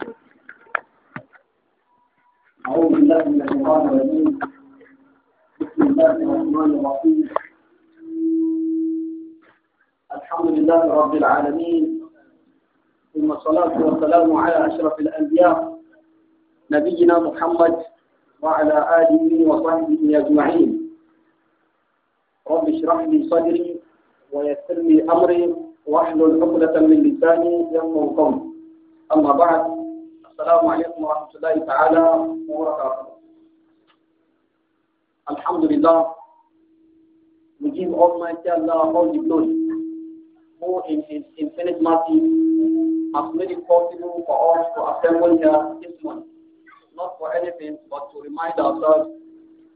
بسم الله الرحمن الرحيم الحمد لله رب العالمين ثم الصلاة والسلام على أشرف الأنبياء نبينا محمد وعلى آله وصحبه أجمعين رب اشرح لي صدري ويسر لي أمري واحلل عقدة من لساني يوم قولي أما بعد السلام عليكم ورحمة الله تعالى وبركاته الحمد لله we give Almighty Allah all the glory who in His infinite mercy has made it possible for us to assemble here this morning not for anything but to remind ourselves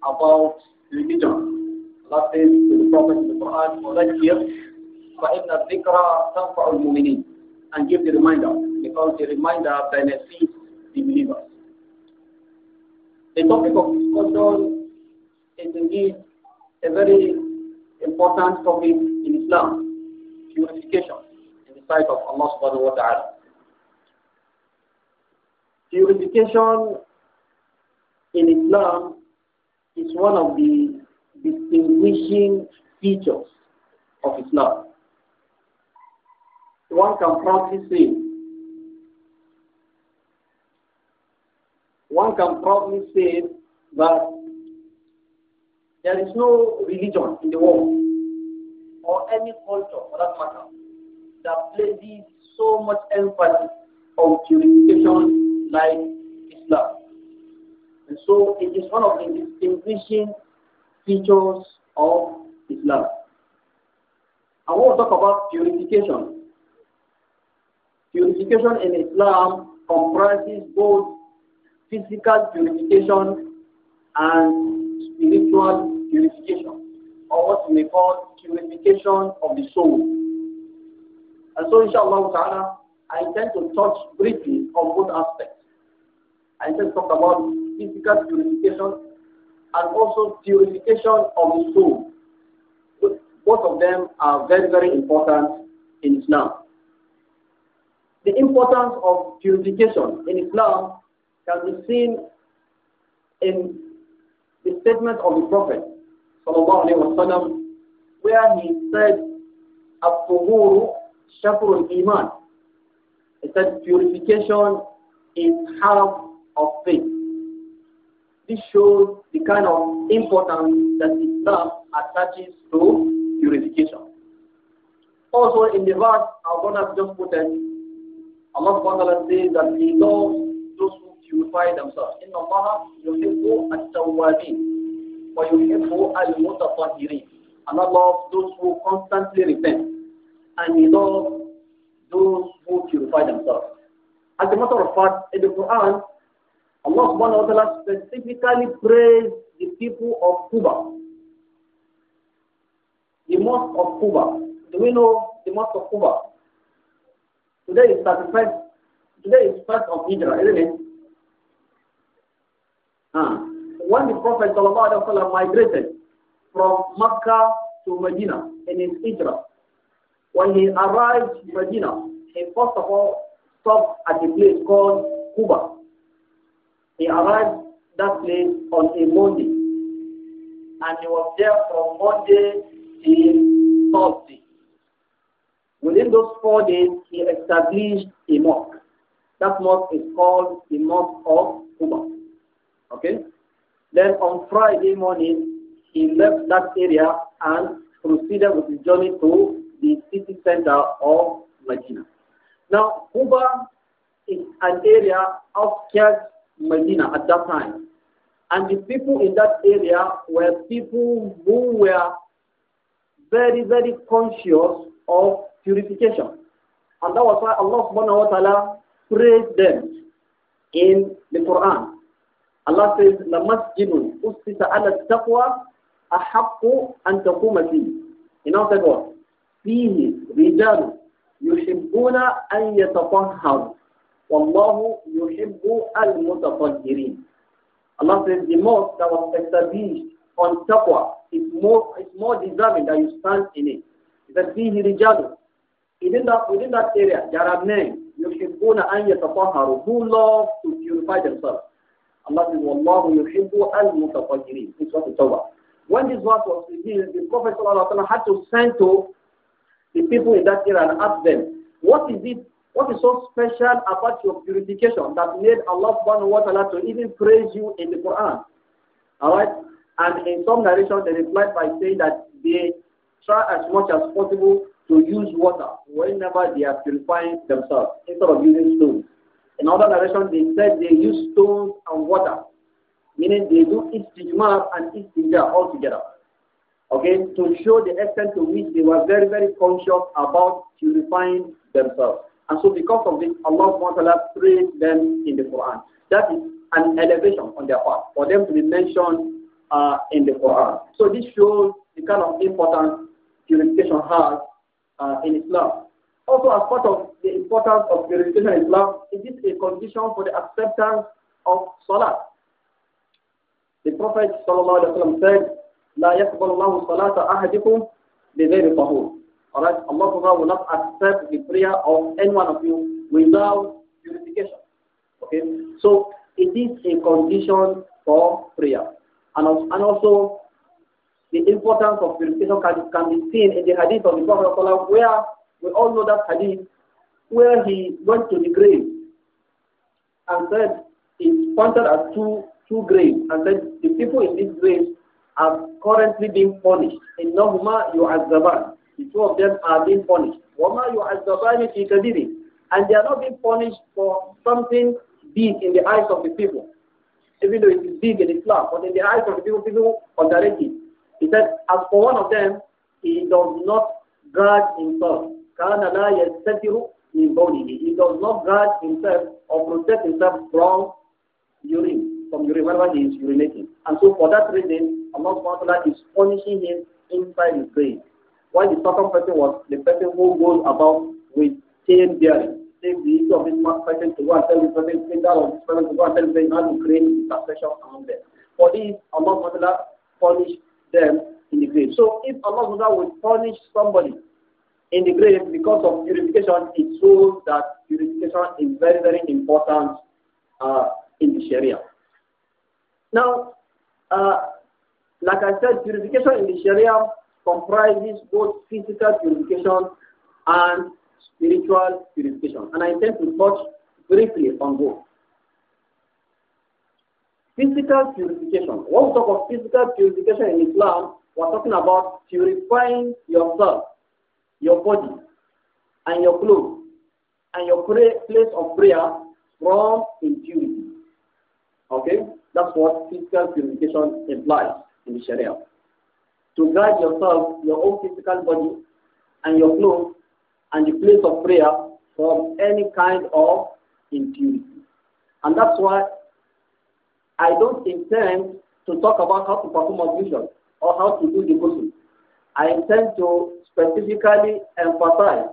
about religion Allah says to the Prophet in the Quran for that year فإن الذكرى تنفع المؤمنين and give the reminder because the reminder benefits the The topic of discussion is indeed a very important topic in Islam, purification in the sight of Allah subhanahu wa ta'ala. Purification in Islam is one of the distinguishing features of Islam. One can proudly say one can probably say that there is no religion in the world or any culture for that matter that places so much emphasis on purification like Islam. And so it is one of the distinguishing features of Islam. I want to talk about purification. Purification in Islam comprises both physical purification and spiritual purification, or what we may call purification of the soul. And so, inshallah I intend to touch briefly on both aspects. I intend to talk about physical purification and also purification of the soul. Both of them are very, very important in Islam. The importance of purification in Islam can be seen in the statement of the Prophet وسلم, where he said, At-tuhuru shatrul iman. He said, purification is half of faith. This shows the kind of importance that Islam attaches to purification. Also in the verse our has just put quoted, Allah subhanahu of ta'ala says that he loves those who purify themselves. إِنَّ اللَّهَ يُحِبُّ التَّوَّابِينَ وَيُحِبُّ الْمُتَطَهِّرِينَ Allah loves those who constantly repent and He loves those who purify themselves. As a matter of fact, in the Quran, Allah subhanahu wa ta'ala specifically praised the people of Cuba. The mosque of Cuba. Do we know the mosque of Cuba? Today is 31st, today is 1st of Hijrah, isn't it? when the Prophet ﷺ migrated from Mecca to Medina in his hijrah, when he arrived in Medina, he first of all stopped at a place called Kuba. He arrived that place on a Monday, and he was there from Monday till Thursday. Within those four days, he established a mosque. That mosque is called the Mosque of Kuba. Okay? Then on Friday morning, he left that area and proceeded with his journey to the city center of Medina. Now, Kuba is an area outskirts Medina at that time. And the people in that area were people who were very, very conscious of purification. And that was why Allah subhanahu wa ta'ala praised them in the Quran. Allah says, لَمَسْجِدٌ أُسِّسَ عَلَى التَّقْوَى أَحَقُّ أَن تَقُومَ فِيهِ In other words, فِيهِ رِجَالٌ يُحِبُّونَ أَن يَتَطَهَّرُوا وَاللَّهُ يُحِبُّ الْمُتَطَهِّرِينَ Allah says, the mosque that was established on taqwa is more, is more deserving that you stand in it. He said, فِيهِ رِجَالٌ Within that, within that area, there are men, يُحِبُّونَ أَن يَتَطَهَّرُوا who love to purify themselves. Allah says, Wallahu yuhibbu al-mutafajiri. This was the over. When this verse was revealed, the Prophet ﷺ had to send to the people in that era and ask them, what is it, what is so special about your purification that made Allah subhanahu wa ta'ala to even praise you in the Quran? Alright? And in some narrations, they replied by saying that they try as much as possible to use water whenever they are purifying themselves instead of using stones. In other narrations, they said they use stones water. Meaning they do istijmar and istinja all together. Okay, to show the extent to which they were very, very conscious about purifying themselves. And so because of this, Allah SWT praised them in the Quran. That is an elevation on their part for them to be mentioned uh, in the Quran. So this shows the kind of importance purification has uh, in Islam. Also, as part of the importance of purification in Islam, it is a condition for the acceptance of salah. The Prophet ﷺ said, لا يقبل الله صلاة أحدكم بغير طهور. Alright, Allah will not accept the prayer of any one of you without purification. Okay, so it is a condition for prayer. And also, and also the importance of purification can, can be seen in the hadith of the Prophet ﷺ, where we all know that hadith, where he went to the grave and said, pointed at two, two graves, and then the people in these graves are currently being punished. In إِنَّهُمَا يُعَذَّبَانِ The two of them are being punished. وَمَا يُعَذَّبَانِ فِي And they are not being punished for something big in the eyes of the people. Even though it is big in Islam, but in the eyes of the people, people underrate it. He said, as for one of them, he does not guard himself. كَانَ لَا يَسْتَتِرُ he does not guard himself or protect himself from urine from urine whatever he is urinating. And so for that reason, Allah subhanahu is punishing him inside his grave. While the second person was the person who goes about with chain bearing. Take the issue of this person to go and tell this person, take that of this person to go and tell this person how to create intercession among them. For this, Allah subhanahu wa punished them in the grave. So if Allah subhanahu will punish somebody in the grave because of purification, it shows that purification is very, very important uh, in the Sharia. Now, uh, like I said, purification in the Sharia comprises both physical purification and spiritual purification. And I intend to touch briefly on both. Physical purification. When we talk of physical purification in Islam, we're talking about purifying yourself, your body, and your clothes, and your place of prayer from impurity. Okay? That's what physical purification implies in the Sharia. To guard yourself, your own physical body, and your clothes, and the place of prayer from any kind of impurity. And that's why I don't intend to talk about how to perform ablution or how to do the ghusl. I intend to specifically emphasize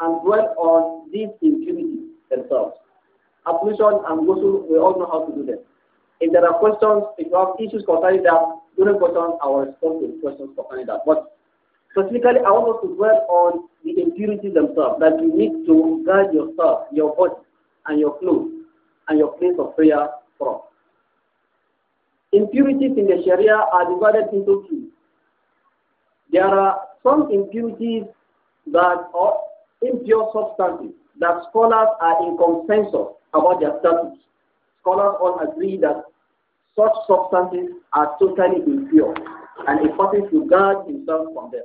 and dwell on these impurities themselves. Ablution and ghusl, we all know how to do them. If there are questions, if you have issues concerning that, during questions, I will respond to the questions concerning that. But specifically, I want us to dwell on the impurities themselves, that you need to guard yourself, your body, and your clothes, and your place of prayer from. Impurities in the Sharia are divided into two. There are some impurities that are impure substances that scholars are in consensus about their status scholars all agree that such substances are totally impure and a person should guard himself from them.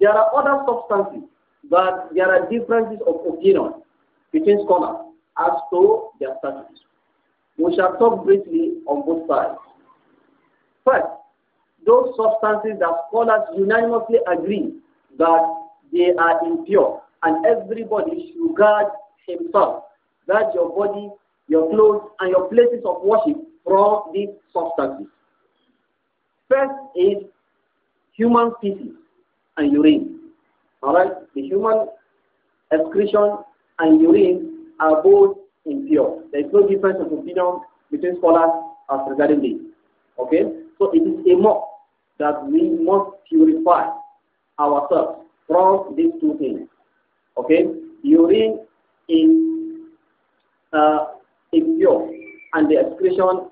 There are other substances, but there are differences of opinion between scholars as to their status. We shall talk briefly on both sides. First, those substances that scholars unanimously agree that they are impure and everybody should guard himself. Guard your body your clothes, and your places of worship from these substances. First is human feces and urine. Alright, the human excretion and urine are both impure. There is no difference of opinion between scholars as regarding this. Okay, so it is a must that we must purify ourselves from these two things. Okay, urine is uh, impure, and the excretion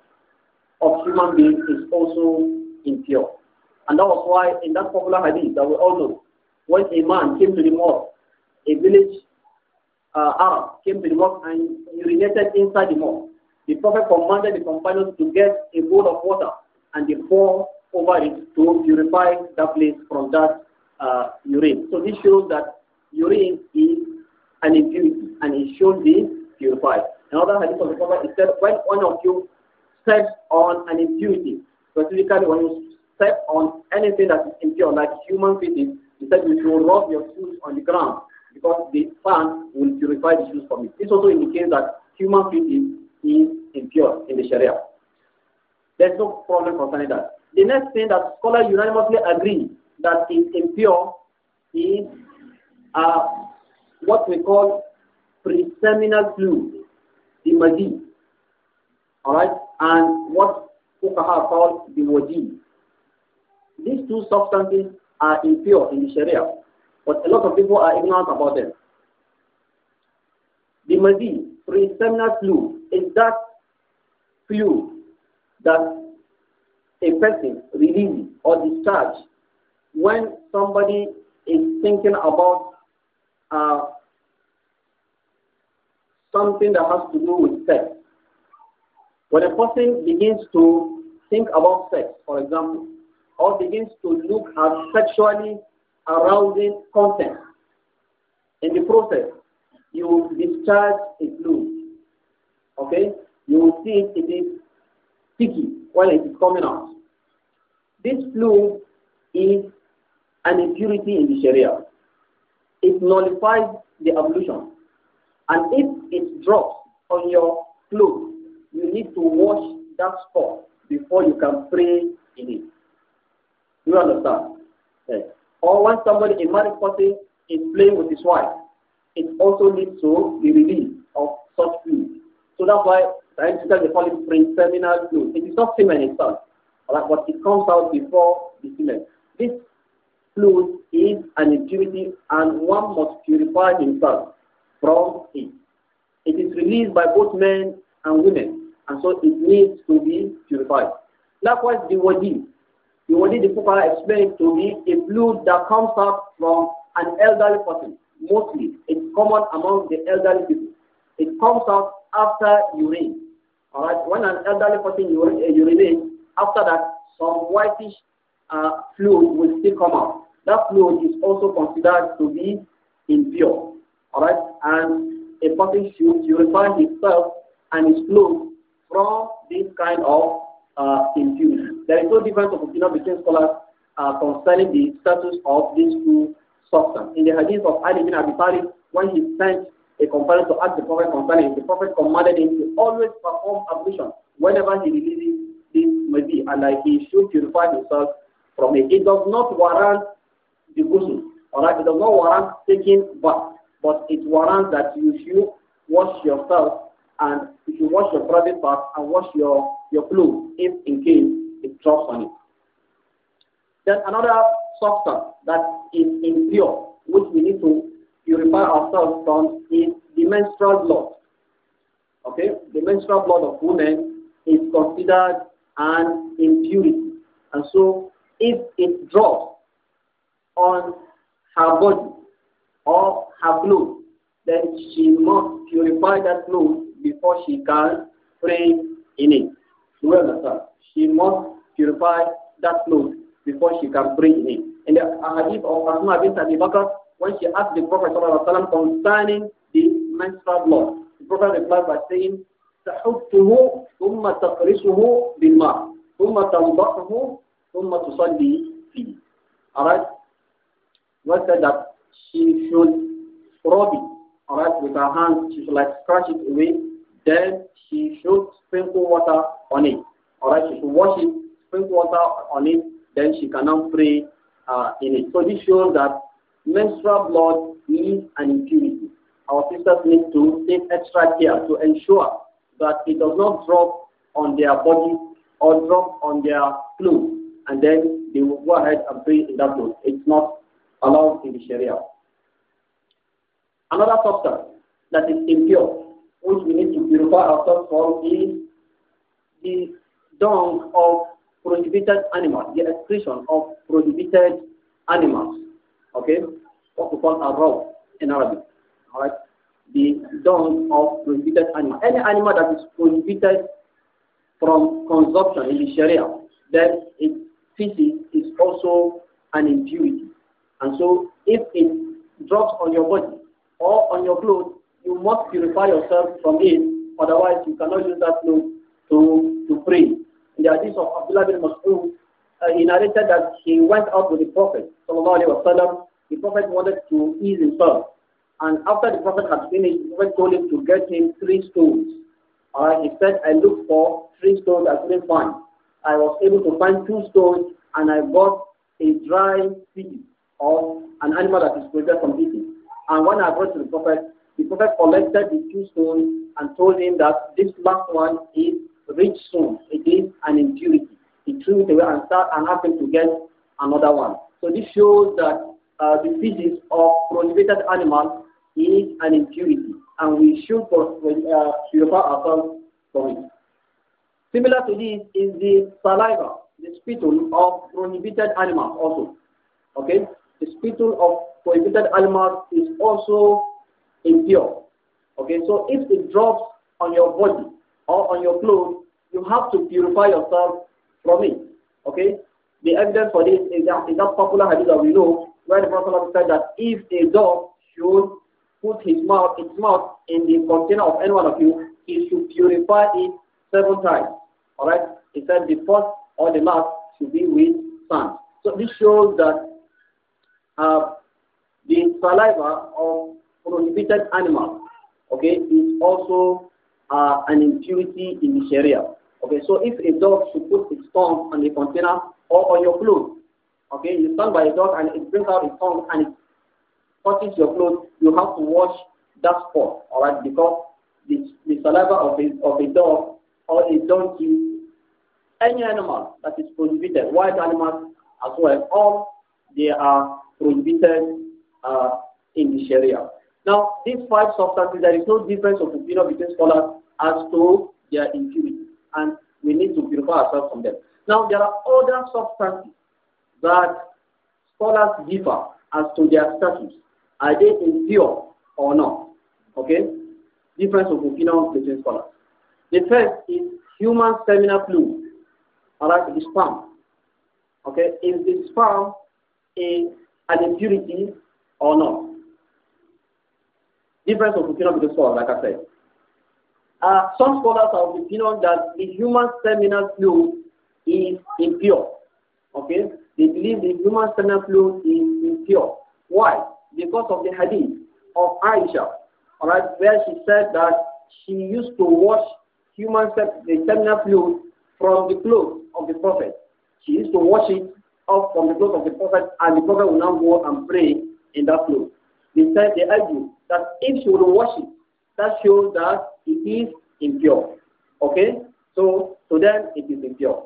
of human beings is also impure. And that was why in that popular hadith that we all know, when a man came to the mosque, a village uh, Arab came to the mosque and urinated inside the mosque. The Prophet commanded the companions to get a bowl of water and they pour over it to purify that place from that uh, urine. So this shows that urine is an impurity and it should be purified. Another hadith of the Prophet is said, when one of you steps on an impurity, specifically when you step on anything that is impure, like human feces, he said you should rub your shoes on the ground because the sand will purify the shoes from it. This also indicates that human feces is impure in the Sharia. There's no problem concerning that. The next thing that scholars unanimously agree that is impure is uh, what we call preseminal fluid the mazi. Alright? And what Fuqaha called the waji. These two substances are impure in the Sharia, but a lot of people are ignorant about them. The mazi, preseminal flu, is that that a person releases or discharges when somebody is thinking about uh, something that has to do with sex. When a person begins to think about sex, for example, or begins to look at sexually arousing content, in the process, you discharge a fluid. Okay? You will see it is sticky while it is coming out. This fluid is an impurity in the Sharia. It nullifies the ablution. And if it drops on your clothes, you need to wash that spot before you can pray in it. You understand? Or when somebody, a married person, is playing with his wife, it also leads to the release of such fluid. So that's why scientifically they call it preseminal fluid. It is not semen itself, right? but it comes out before the semen. This fluid is an impurity and one must purify himself from it. It is released by both men and women, and so it needs to be purified. Likewise, the wadi. The wadi, the Fuqara explained to be a fluid that comes out from an elderly person. Mostly, it's common among the elderly people. It comes out after urine. Alright, when an elderly person eh, urinates, after that, some whitish uh, fluid will still come out. That fluid is also considered to be impure. Alright? And a person should purify himself and his clothes from this kind of uh, impurity. There is no difference of opinion between scholars uh, concerning the status of these two substances. In the hadith of Ali bin Abi Talib, when he sent a companion to ask the Prophet concerning the Prophet commanded him to always perform ablution whenever he releases this maybe, and like he should purify himself from it. It does not warrant the ghusl, alright? It does not warrant taking bath. But it warrants that you should wash yourself and if you wash your private part and wash your, your clothes if in case it drops on it. Then another substance that is impure, which we need to purify ourselves from, is the menstrual blood. Okay, the menstrual blood of women is considered an impurity. And so if it drops on her body or her clothes, then she must purify that clothes before she can pray in it. Well, sir, She must purify that clothes before she can pray in it. And the hadith of Asma bint Abi Bakr, when she asked the Prophet ﷺ concerning the menstrual blood, the Prophet replied by saying, تحطه ثم تقرصه بالماء ثم تنضحه ثم تصلي فيه. Alright? What said that she should rub it, all right, with her hands. She should like scratch it away. Then she should sprinkle water on it. All right, she should wash it, sprinkle water on it. Then she cannot pray uh, in it. So this shows that menstrual blood is an impurity. Our sisters need to take extra care to ensure that it does not drop on their body or drop on their clothes, and then they will go ahead and pray in that clothes. It's not allowed in the Sharia. Another substance that is impure, which we need to purify ourselves from, is the dung of prohibited animals, the excretion of prohibited animals. Okay? What we call a raw in Arabic. Alright? The dung of prohibited animals. Any animal that is prohibited from consumption in the Sharia, then its feces is also an impurity. And so if it drops on your body, or on your clothes, you must purify yourself from it, otherwise you cannot use that clothes to, to pray. In the hadith of Abdullah bin Mas'ud, uh, he narrated that he went out with the Prophet, wasallam. the Prophet wanted to ease himself. And after the Prophet had finished, the Prophet told him to get him three stones. Uh, he said, I looked for three stones, I couldn't find. I was able to find two stones, and I got a dry pig of an animal that is prepared from eating. And when I brought to the Prophet, the Prophet collected the two stones and told him that this last one is rich stone. It is an impurity. He threw it away and, started and happened to get another one. So this shows that uh, the feces of prohibited animals is an impurity, and we should uh, ourselves from it. Similar to this is the saliva, the spittle of prohibited animals also. Okay, the spittle of prohibited animal is also impure. Okay, so if it drops on your body or on your clothes, you have to purify yourself from it. Okay, the evidence for this is that, is that popular hadith that we know, where the Prophet said that if a dog should put his mouth, its mouth in the container of any one of you, he should purify it seven times. All right, he said the first or the last should be with sand. So this shows that uh, the saliva of prohibited animals, okay, is also uh, an impurity in the Sharia. Okay, so if a dog should put its tongue on the container or on your clothes, okay, you stand by a dog and it brings out its tongue and it touches your clothes, you have to wash that spot, all right, because the, the saliva of a, of a dog or a donkey, any animal that is prohibited, wild animals as well, all they are prohibited uh, in the Sharia. Now, these five substances, there is no difference of opinion between scholars as to their impurity, and we need to purify ourselves from them. Now, there are other substances that scholars differ as to their status. Are they impure or not? Okay? Difference of opinion between scholars. The first is human seminal fluid, or like the sperm. Okay? Is the sperm a, an impurity or not. Difference of opinion with the like I said. Uh, some scholars are of the opinion that the human seminal fluid is impure. Okay? They believe the human seminal fluid is impure. Why? Because of the hadith of Aisha, all right, where she said that she used to wash human the seminal fluid from the clothes of the prophet. She used to wash it off from the clothes of the prophet, and the prophet would now go and pray in that flow. They they argue that if she would wash it, that shows that it is impure. Okay? So to them it is impure.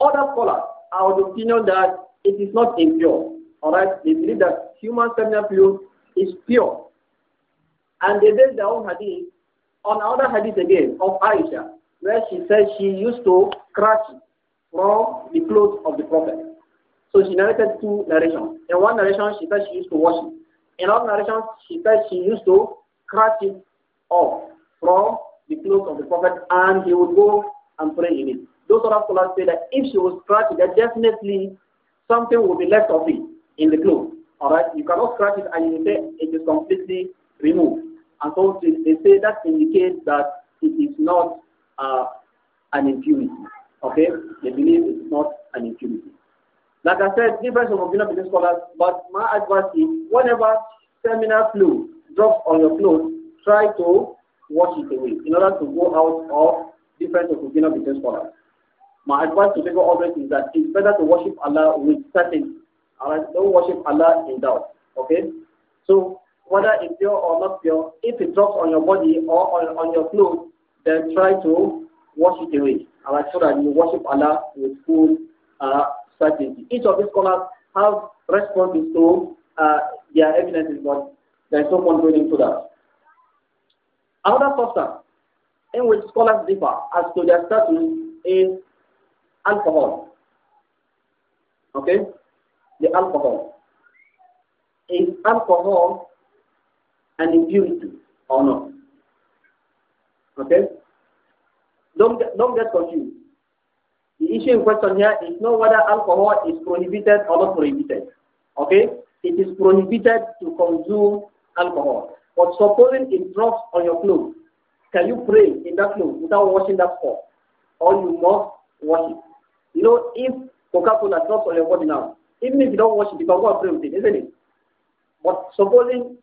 Other scholars are of the opinion that it is not impure. Alright, they believe that human seminal fluid is pure. And they base their own hadith on another hadith again of Aisha, where she says she used to crush from the clothes of the Prophet. So she narrated two narrations. In one narration, she said she used to wash it. In another narration, she said she used to scratch it off from the clothes of the Prophet and he would go and pray in it. Those other scholars say that if she would scratch it, definitely something will be left of it in the clothes. Alright? You cannot scratch it and you say it is completely removed. And so they say that indicates that it is not uh, an impurity. Okay? They believe it's not an impurity. Like I said, different from opinion between scholars, but my advice is whenever seminal flu drops on your clothes, try to wash it away in order to go out of difference of opinion between scholars. My advice to people always is that it's better to worship Allah with certainty. Alright, don't worship Allah in doubt. Okay? So whether it's pure or not pure, if it drops on your body or on, on your clothes, then try to wash it away. Alright, so that you worship Allah with full uh, certainty. Each of these scholars have responses to uh, their evidences, but there is no still going to that. Another substance in which scholars differ as to their status is alcohol. Okay? The alcohol. Is alcohol an impurity or not? Okay? Don't get, don't get confused. The issue in question here is not whether alcohol is prohibited or not prohibited. Okay? It is prohibited to consume alcohol. But supposing it drops on your clothes, can you pray in that clothes without washing that spot? Or you must wash it. You know, if Coca-Cola drops on your body now, even if you don't wash it, you can go and pray with it, isn't it? But supposing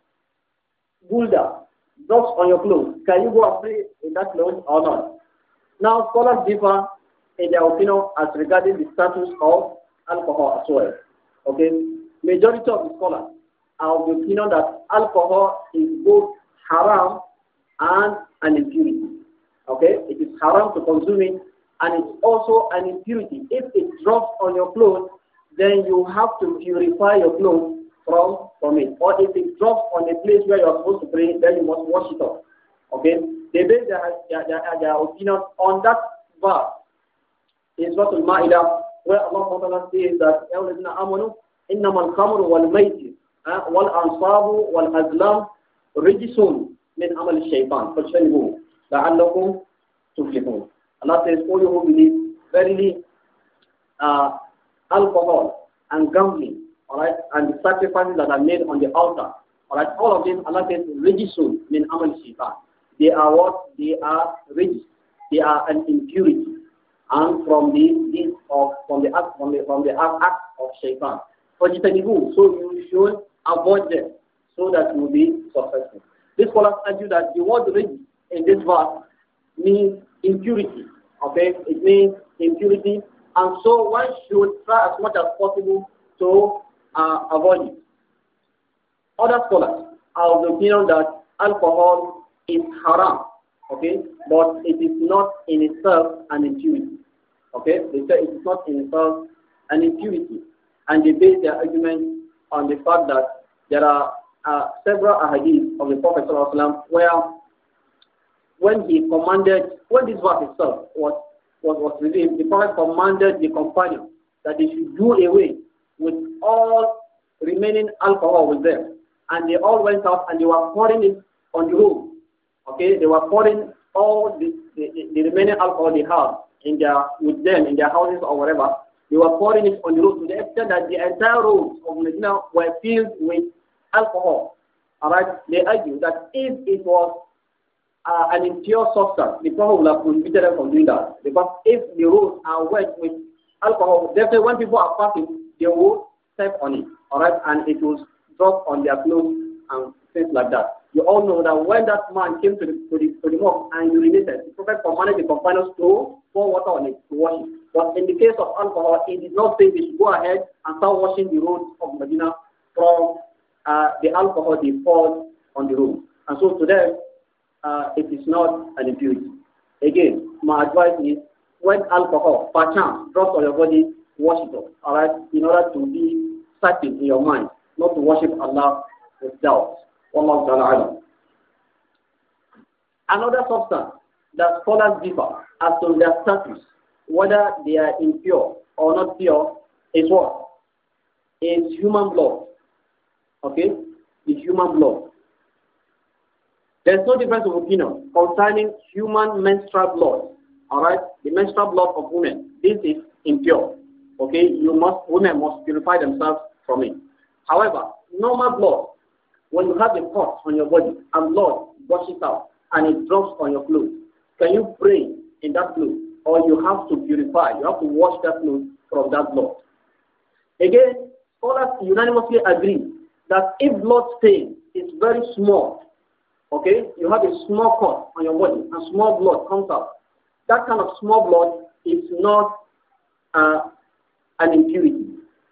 Buddha drops on your clothes, can you go and pray in that clothes or not? Now scholars differ in their opinion as regarding the status of alcohol as well. Okay, majority of the scholars are of the opinion that alcohol is both haram and an impurity. Okay, it is haram to consume it, and it's also an impurity. If it drops on your clothes, then you have to purify your clothes from from it. Or if it drops on a place where you're supposed to pray, then you must wash it off. Okay, they base their their, their, their opinion on that verse in Surah Al-Ma'idah, where Allah Ta'ala says that "O أَوْلَذِنَا آمَنُوا إِنَّمَا الْخَمْرُ وَالْمَيْتِ وَالْأَنْصَابُ وَالْأَزْلَامُ رِجِسٌ مِنْ عَمَلِ الشَّيْطَانِ فَاجْتَنِبُوهُ لَعَلَّكُمْ تُفْلِحُونَ Allah says, O you who believe, verily uh, alcohol and gambling, all right, and the sacrifices that are made on the altar, all right, all of them, Allah says, rijisun min amal shaitan. They are what? They are ridges. They are an impurity and from the this of from the act from the from the act of shaitan. For Jitanibu, so you should avoid them so that you will be successful. This tells you that the word "drink" in this verse means impurity. Okay, it means impurity, and so one should try as much as possible to uh, avoid it. Other scholars are of the opinion that alcohol is haram Okay? But it is not in itself an impurity. Okay? They say it is not in itself an impurity. And they base their argument on the fact that there are uh, several ahadith of the Prophet Islam where when he commanded, when this verse itself was, was, was revealed, the Prophet commanded the companion that they should do away with all remaining alcohol with them. And they all went out and they were pouring it on the road Okay, they were pouring all the, the, the remaining alcohol they had in their, with them in their houses or whatever. They were pouring it on the road to the extent that the entire roads of Medina were filled with alcohol. Alright, they argue that if it was uh, an impure substance, the Prophet would have prohibited them from doing that. Because if the roads are wet with alcohol, definitely when people are passing, they will step on it. Alright, and it will drop on their clothes and things like that. You all know that when that man came to the, to the, to the mosque and urinated, the Prophet commanded the companions to pour water on it to wash it. But in the case of alcohol, he did not say they should go ahead and start washing the roads of Medina from uh, the alcohol they poured on the road. And so to them, uh, it is not an abuse. Again, my advice is when alcohol, by chance, drops on your body, wash it off, all right, in order to be certain in your mind not to worship Allah with doubt. Allah Ta'ala. Another substance that scholars differ as to their status, whether they are impure or not pure, is what? Is human blood. Okay? Is human blood. There's no difference of opinion concerning human menstrual blood. Alright? The menstrual blood of women. This is impure. Okay? You must women must purify themselves from it. However, normal blood when you have a pot on your body and blood washes out and it drops on your clothes, can you pray in that clothes? Or you have to purify, you have to wash that clothes from that blood. Again, scholars unanimously agree that if blood stain is very small, okay, you have a small cut on your body and small blood comes out, that kind of small blood is not uh, an impurity.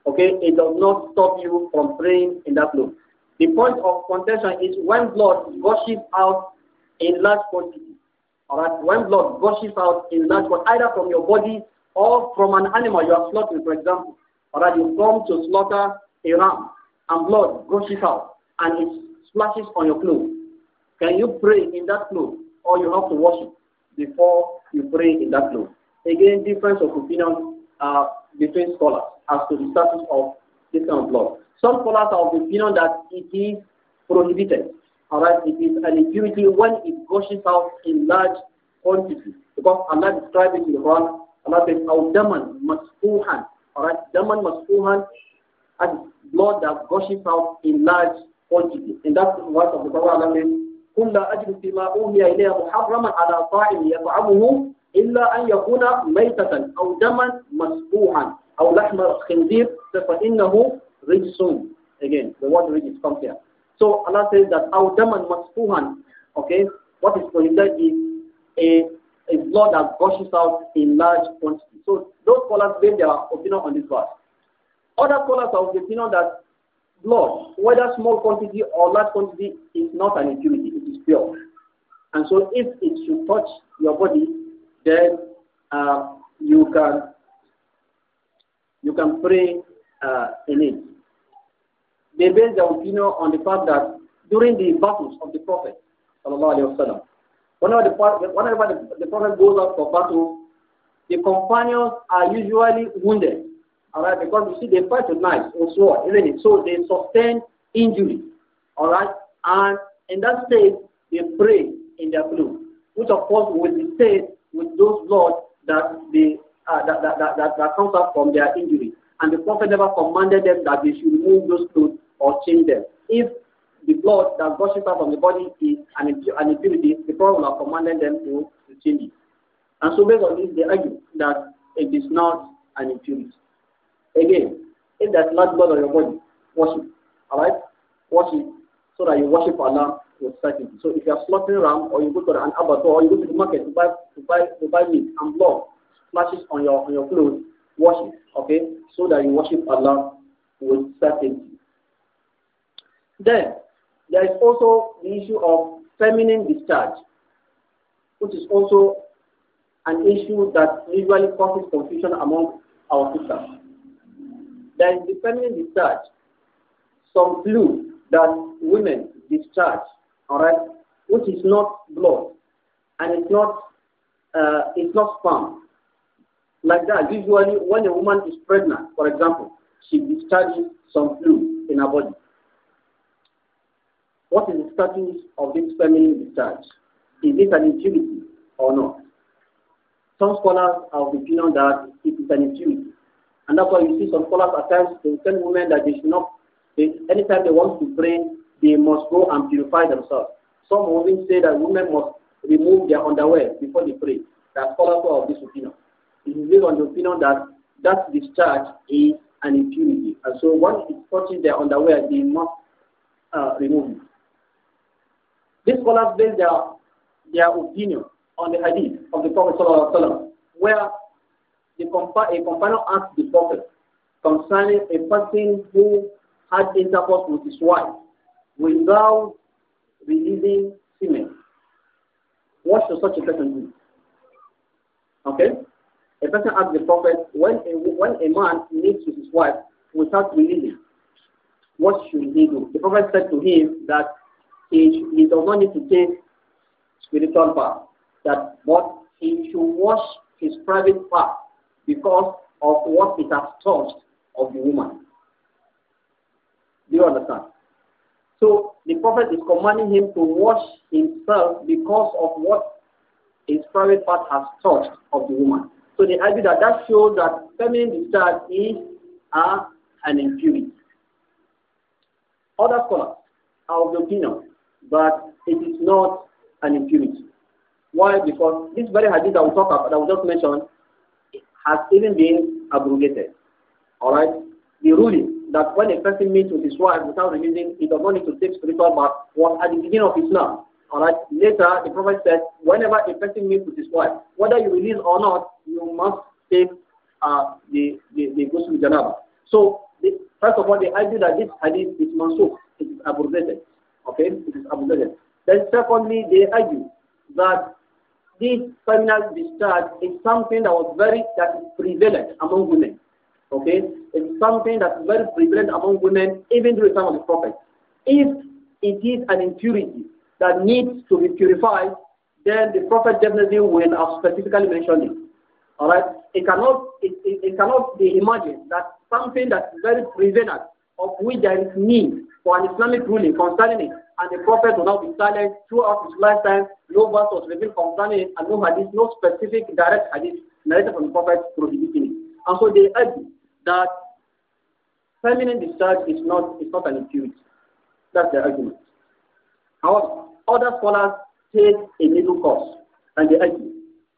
Okay, it does not stop you from praying in that blood. The point of contention is when blood gushes out in large quantity. Alright, when blood gushes out in large quantity, either from your body or from an animal you are slaughtering, for example. Alright, you come to slaughter a ram and blood gushes out and it splashes on your clothes. Can you pray in that clothes or you have to wash it before you pray in that clothes? Again, difference of opinion uh, between scholars as to the status of this kind of blood. Some scholars are of the opinion that it is prohibited. Alright, it is an impurity when it gushes out in large quantities. Because Allah described it in the Quran, Allah says, Our daman masfuhan. Alright, daman masfuhan as blood that gushes out in large quantities. And that's the verse of the Quran Allah says, قل لا أجد فيما أوهي إلي محرما على طاعم يطعمه إلا أن يكون ميتة أو دما مسفوحا أو لحم الخنزير فإنه رجس again the word reject comes here so Allah says that أو دما مسفوحا okay what is prohibited is a a blood that gushes out in large quantity so those scholars base their opinion on this verse other scholars are of the opinion that blood whether small quantity or large quantity is not an impurity it is pure and so if it should touch your body then uh, you can you can pray uh, in it. They base their opinion on the fact that during the battles of the Prophet, وسلم, whenever, the, whenever the, the Prophet goes out for battle, the companions are usually wounded. Alright, because you see they fight with knives or sword, isn't it? So they sustain injury. Alright? And in that state, they pray in their blood, which of course will be stained with those blood that the uh, that, that, that, that, comes out from their injury. And the prophet never commanded them that they should remove those clothes or change them. If the blood that gushes out from the body is an, an impurity, the prophet will have commanded them to, to change it. And so based on this, they argue that it is not an impurity. Again, if there's not blood on your body, wash it. Alright? Wash it so that you wash it for certainty. So if you are slaughtering ram or you go to an abattoir or you go to the market to buy to buy to buy meat and blood, splashes on your on your clothes, wash it, okay, so that you worship Allah with certainty. Then there is also the issue of feminine discharge, which is also an issue that usually causes confusion among our sisters. There is the feminine discharge, some fluid that women discharge, alright, which is not blood and it's not uh, it's not sperm like that. Usually, when a woman is pregnant, for example, she discharges some fluid in her body. What is the status of this feminine discharge? Is it an impurity or not? Some scholars are of the opinion that it is an impurity. And that's why you see some scholars at times they tell women that they should not, they, anytime they want to pray, they must go and purify themselves. Some women say that women must remove their underwear before they pray. That's scholars are of this opinion it is based on the opinion that that discharge is an impurity. And so once it touches their underwear, they must uh, remove it. These scholars base their, their opinion on the hadith of the Prophet where the compa- a companion asked the Prophet concerning a person who had intercourse with his wife without releasing semen. What should such a person do? Okay? A person asked the Prophet, when a, when a man meets with his wife without believing, what should he do? The Prophet said to him that he, he does not need to take spiritual bath, that but he should wash his private part because of what it has touched of the woman. Do you understand? So the prophet is commanding him to wash himself because of what his private part has touched of the woman. So they argue that that shows that feminine discharge is uh, an impurity. Other scholars are of the opinion that it is not an impurity. Why? Because this very hadith that we talk about, that we just mentioned, has even been abrogated. All right, the ruling that when a person meets with his wife without releasing, he does not need to take spiritual bath was at the beginning of Islam. All right, later the Prophet said, whenever a person meets with his wife, whether you release or not, you must take uh, the, the, the ghusl janaba. So, the, first of all, they argue that this hadith is mansukh, it is abrogated. Okay, it is abrogated. Then secondly, they argue that this terminal discharge is something that was very, that is prevalent among women. Okay, it's something that's very prevalent among women even during the time of the Prophet. If it is an impurity that needs to be purified, then the Prophet definitely will have specifically mentioned it. All right? It cannot, it, it, it cannot be imagined that something that's very prevalent, of which there is need for an Islamic ruling concerning it, and the Prophet will not be silent throughout his lifetime. No verse was revealed concerning it, and no hadith, no specific direct hadith narrated from the Prophet prohibiting it. And so they argue that feminine discharge is not, is not an impurity. That's their argument. However, other scholars take a middle course, and they argue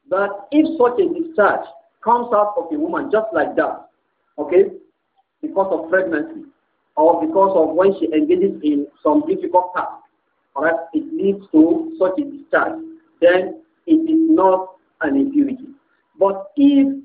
that if such a discharge comes out of a woman just like that, okay, because of pregnancy or because of when she engages in some difficult task, alright, it leads to such a discharge, then it is not an impurity. But if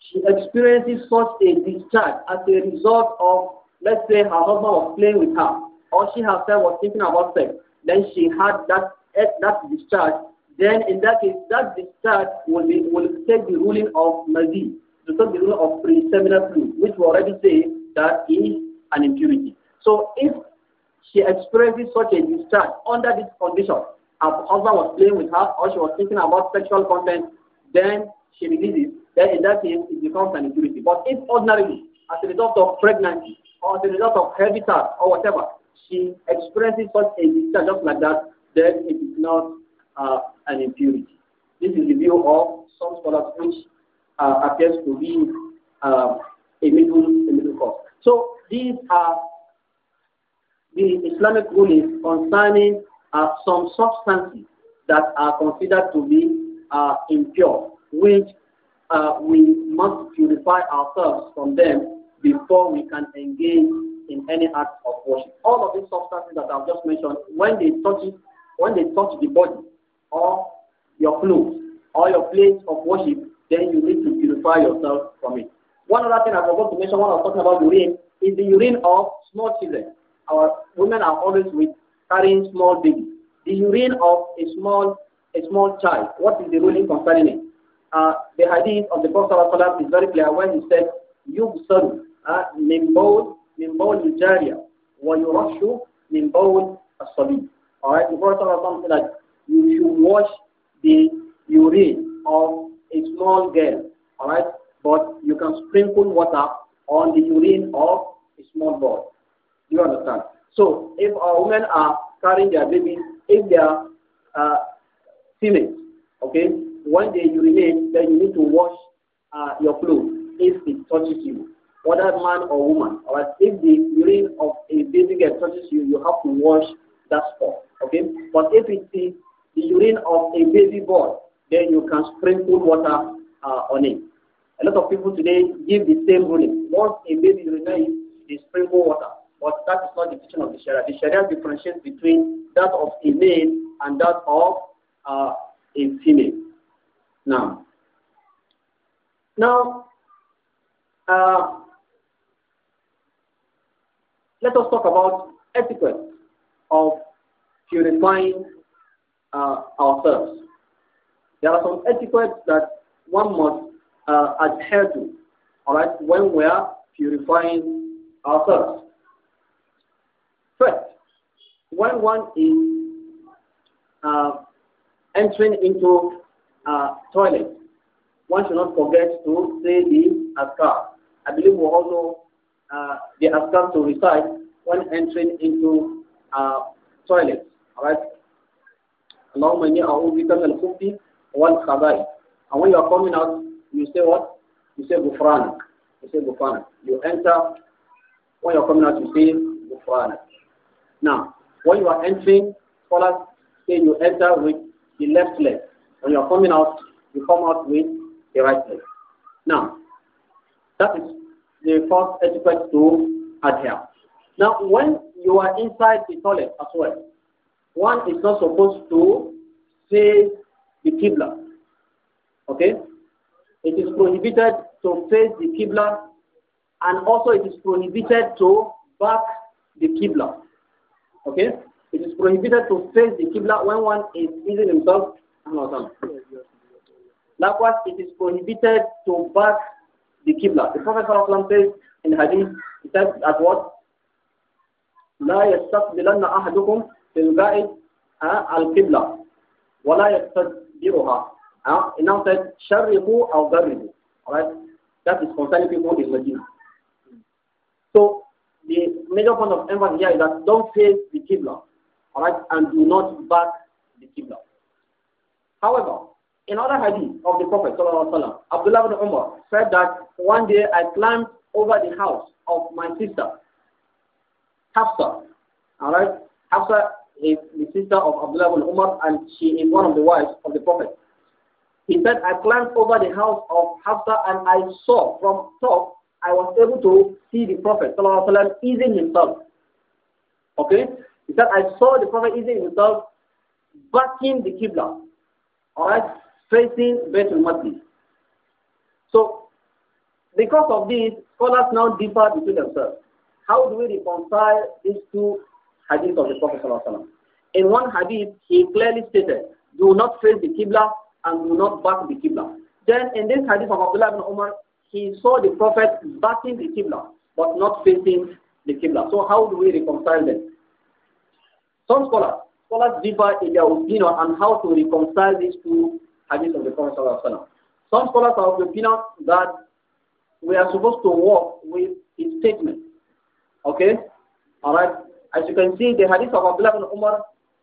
she experiences such a discharge as a result of, let's say, her husband was playing with her, or she herself was thinking about sex, then she had that, eh, that discharge then in that case, that discharge will, be, will take the ruling of mazi, to take the ruling of pre-seminal fluid, which we already say that is an impurity. So if she experiences such a discharge under this condition, her husband was playing with her or she was thinking about sexual content, then she releases, then in that case it becomes an impurity. But if ordinarily, as a result of pregnancy or as a result of heavy task or whatever, she experiences such a discharge just like that, then it is not uh, and impurity. This is the view of some scholars which uh, appears to be uh, a middle a middle course. So these are the Islamic rulings concerning uh, some substances that are considered to be uh, impure, which uh, we must purify ourselves from them before we can engage in any act of worship. All of these substances that I've just mentioned, when they touch it, when they touch the body, or your clothes or your place of worship, then you need to purify yourself from it. One other thing I forgot to mention when I was talking about urine is the urine of small children. Our women are always with carrying small babies. The urine of a small a small child. What is the ruling concerning it? Uh, the hadith of the Prophet ﷺ is very clear when he said, "Yubsaru uh, min bawl min bawl jariya wa yurashu min bawl as All right, the Prophet ﷺ said that you should wash the urine of a small girl, all right? But you can sprinkle water on the urine of a small boy. You understand? So if our women are carrying their babies, if they are uh, females, okay, when they urinate, then you need to wash uh, your clothes if it touches you, whether man or woman. All right? If the urine of a baby girl touches you, you have to wash that spot. Okay, but if it is the urine of a baby boy, then you can sprinkle water uh, on it. A lot of people today give the same ruling. Once a baby urinates, they sprinkle water. But that is not the teaching of the Sharia. The Sharia differentiates between that of a male and that of uh, a female. Now, now uh, let us talk about etiquette of purifying uh, ourselves. There are some etiquettes that one must uh, adhere to, all right, when we are purifying ourselves. First, when one is uh, entering into uh, toilet, one should not forget to say the askar. I believe we all know uh, the askar to recite when entering into uh, toilet. All right, اللهم إني أعوذ بك من الخبث والخبائث and when you are coming out you say what you say غفرانك you say غفرانك you enter when you are coming out you say غفرانك now when you are entering scholars say you enter with the left leg when you are coming out you come out with the right leg now that is the first etiquette to adhere now when you are inside the toilet as well one is not supposed to face the Qibla. Okay? It is prohibited to face the Qibla and also it is prohibited to back the Qibla. Okay? It is prohibited to face the Qibla when one is eating himself. Likewise, it is prohibited to back the Qibla. The Prophet says in Hadith, he says that what? لا يستقبلن أحدكم للغائب القبلة ولا يستدبرها. It now says شرقوا أو غربوا. Alright, that is concerning people in Medina. So the major point of emphasis here is that don't face the Qibla, all right, and do not back the Qibla. However, in other hadith of the Prophet وسلم, Abdullah ibn Umar said that one day I climbed over the house of my sister, Hafsa, all right, Hafsa is the sister of Abdullah ibn Umar and she is one of the wives of the Prophet. He said, I climbed over the house of Hafsa and I saw from top, I was able to see the Prophet وسلم, easing himself. Okay? He said, I saw the Prophet easing himself, backing the Qibla. Alright? Facing Baitul Masjid. So, because of this, scholars now differ between themselves. How do we reconcile these two hadith of the Prophet In one hadith, he clearly stated, do not face the Qibla and do not back the Qibla. Then in this hadith of Abdullah ibn Umar, he saw the Prophet backing the Qibla, but not facing the Qibla. So how do we reconcile them? Some scholars, scholars differ in their opinion on how to reconcile these two hadiths of the Prophet ﷺ. Some scholars are of the opinion that we are supposed to walk with his statement. Okay? Alright? As you can see, the hadith of Abdullah ibn Umar,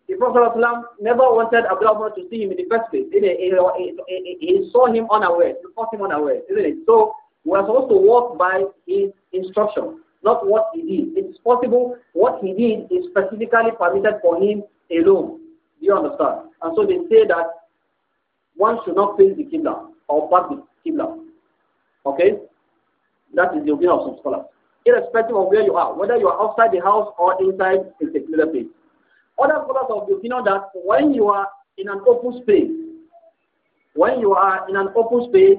the Prophet never wanted Abdullah Umar to see him in the first place. He, he, he saw him unaware, he caught him unaware, isn't it? So we are supposed to walk by his instruction, not what he did. It's possible what he did is specifically permitted for him alone. Do you understand? And so they say that one should not face the Qibla or pass the Qibla. Okay? That is the opinion of some scholars irrespective of where you are, whether you are outside the house or inside a particular place. Other scholars of the opinion that when you are in an open space, when you are in an open space,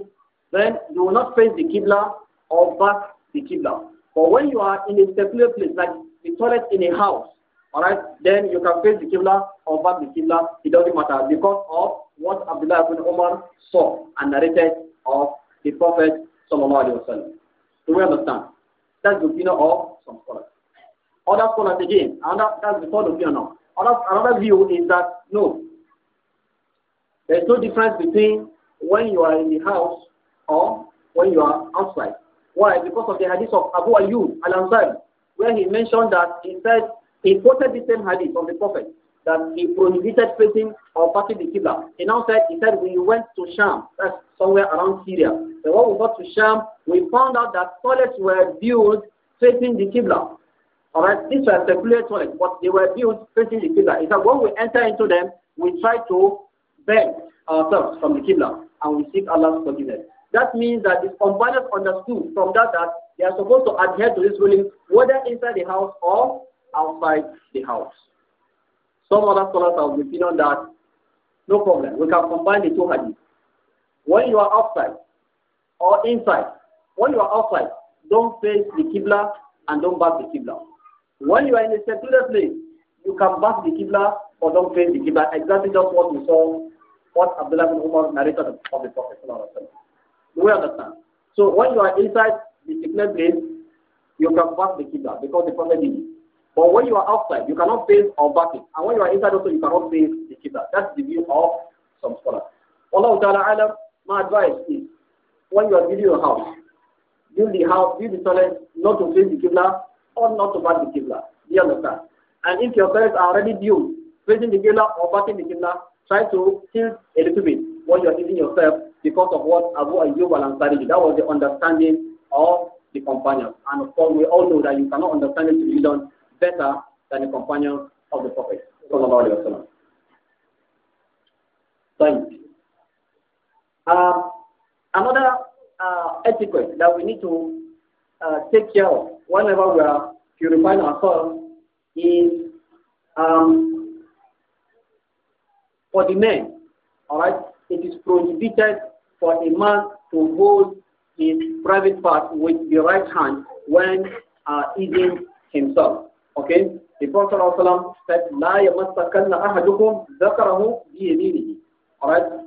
then you will not face the Qibla or back the Qibla. But when you are in a secular place, like the toilet in a house, all right, then you can face the Qibla or back the Qibla. It doesn't matter because of what Abdullah ibn Omar saw and narrated of the Prophet So Do we understand? That's the opinion of some scholars. Other scholars again, and that, that's the third opinion now. another view is that no, there's no difference between when you are in the house or when you are outside. Why? Because of the hadith of Abu Ayyub al-Ansari, where he mentioned that he said, he quoted the same hadith from the Prophet, that he prohibited facing or facing the Qibla. He now said, he said, we went to Sham, that's somewhere around Syria, when we got to Sham, we found out that toilets were built facing the Qibla. Alright, these were secular toilets, but they were built facing the Qibla. It's that when we enter into them, we try to bend ourselves from the Qibla and we seek Allah's forgiveness. That means that the companions understood from that that they are supposed to adhere to this ruling whether inside the house or outside the house. Some other scholars have opinion that no problem, we can combine the two hadiths. When you are outside, or inside. When you are outside, don't face the Qibla and don't back the Qibla. When you are in a secluded place, you can back the Qibla or don't face the Qibla. Exactly just what we saw, what Abdullah bin Umar narrated of the Prophet. Do we understand? So when you are inside the secluded place, you can back the Qibla because the Prophet did it. But when you are outside, you cannot face or back it. And when you are inside also, you cannot face the Qibla. That's the view of some scholars. Allah Ta'ala, my advice is when you are building your house. Build the house, build the toilet, not to face the Qibla or not to back the Qibla. Do you understand? And if your parents are already built, facing the Qibla or backing the Qibla, try to tilt a little bit when you are eating yourself because of what Abu Ayyub al-Ansari did. That was the understanding of the companions. And of course, we all know that you cannot understand be religion better than the companions of the Prophet. Thank you. Uh, Another uh, etiquette that we need to uh, take care of whenever we are purifying ourselves is um, for the men, all right, it is prohibited for a man to hold his private part with the right hand when uh, eating himself. Okay? The Prophet said, La yamassakanna ahadukum zakarahu biyaminihi. Alright?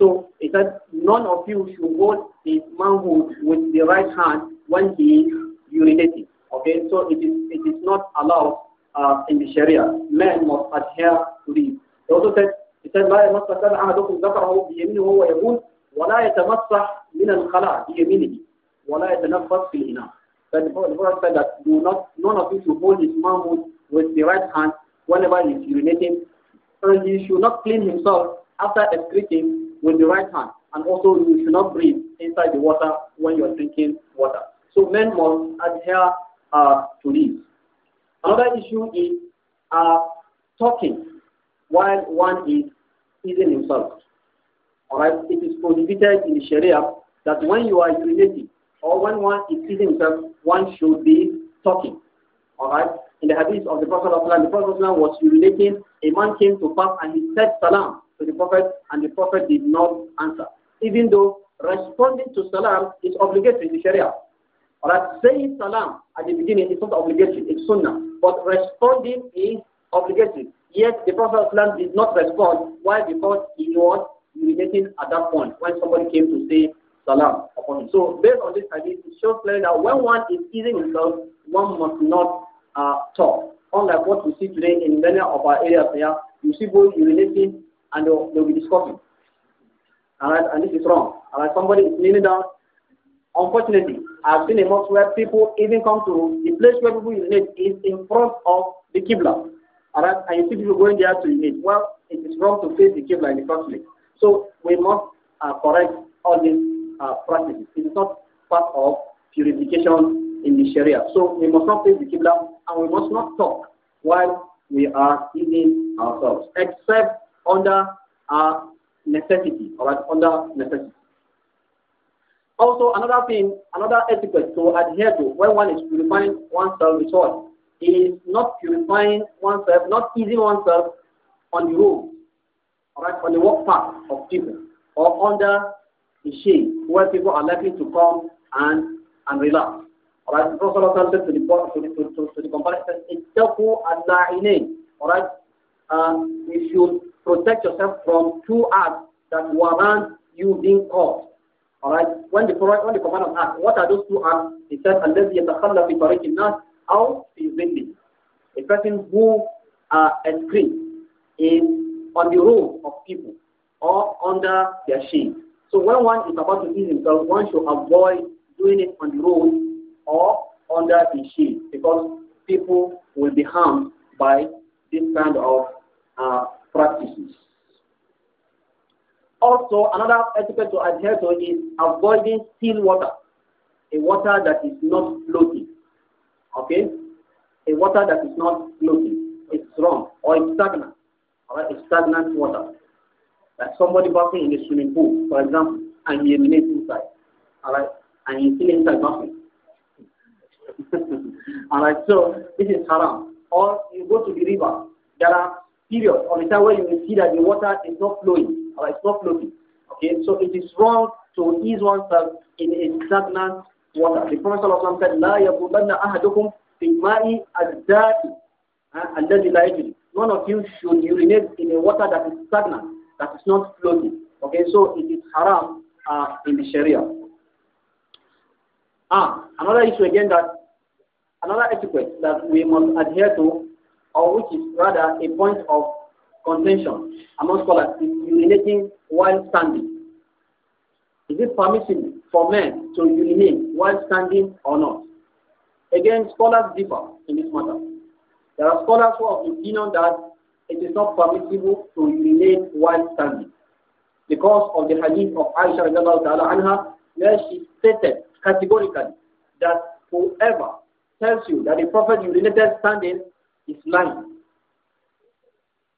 So it says none of you should hold his manhood with the right hand when he is urinating. Okay, so it is it is not allowed uh, in the Sharia. Men must adhere to this. He also says, it says لا يمسك أحدكم ذكره بيمينه وهو يقول ولا يتمسح من الخلاء بيمينه ولا يتنفس في الإناء. But the Prophet said that do not none of you should hold his manhood with the right hand whenever he is urinating, and he should not clean himself after excreting with the right hand. And also, you should not breathe inside the water when you're drinking water. So men must adhere uh, to this. Another issue is uh, talking while one is eating himself. Alright, it is prohibited in Sharia that when you are urinating or when one is eating himself, one should be talking. Alright, in the hadith of the Prophet of the Prophet of was urinating, a man came to pass and he said salam to the Prophet and the Prophet did not answer. Even though responding to salam is obligatory in the Sharia. Alright, saying salam at the beginning is not obligatory, it's sunnah. But responding is obligatory. Yet the Prophet ﷺ did not respond. Why? Because he was urinating at that point when somebody came to say salam upon him. So based on this hadith, it shows clearly that when one is easing himself, one must not are uh, tall. Unlike what we see today in many of our areas here, you see people urinating and they'll, uh, they'll be discussing. Alright, and this is wrong. Alright, somebody is kneeling down. Unfortunately, I've seen a mosque where people even come to the place where people urinate is in front of the Qibla. Alright, and you see people going there to urinate. Well, it is wrong to face the Qibla in the first place. So we must uh, correct all these uh, practices. It is not part of purification in the Sharia. So we must not face the Qibla and we must not talk while we are eating ourselves, except under our necessity, all right, under necessity. Also, another thing, another etiquette to adhere to when one is purifying oneself is what? Is not purifying oneself, not teasing oneself on the road, all right, on the walk path of people, or under the shade where people are likely to come and, and relax. Alright, the Prophet said to the, to the, to, to, to the companions, Ittaku al-la'inain. Alright, uh, you should protect yourself from two acts that warrant you being caught. Alright, when the Prophet, when the companions asked, what are those two acts? He said, الَّذِي the فِي طَرِيقِ النَّاسِ how فِي ظِلِّهِ A person who uh, excretes is on the road of people or under their shade. So when one is about to eat himself, one should avoid doing it on the road or under the shade because people will be harmed by this kind of uh, practices. Also, another etiquette to adhere to is avoiding still water, a water that is not floating. Okay? A water that is not floating. It's wrong or it's stagnant. All right? It's stagnant water. Like somebody walking in a swimming pool, for example, and he urinates inside. All right? And he's still inside nothing. Alright, so this is haram. Or you go to the river, there are periods of the time where you will see that the water is not flowing, or it's not flowing. Okay, so it is wrong to ease oneself in a stagnant water. The Prophet ﷺ said, لا يقولن أحدكم في الماء الذاتي الذي لا يجري. None of you should urinate in a water that is stagnant, that is not floating. Okay, so it is haram uh, in the Sharia. Ah, another issue again that Another etiquette that we must adhere to, or which is rather a point of contention among scholars, is urinating while standing. Is it permissible for men to urinate while standing or not? Again, scholars differ in this matter. There are scholars who have opinion that it is not permissible to urinate while standing because of the hadith of Aisha al anha, where she stated categorically that whoever tells you that the Prophet urinated standing is lying.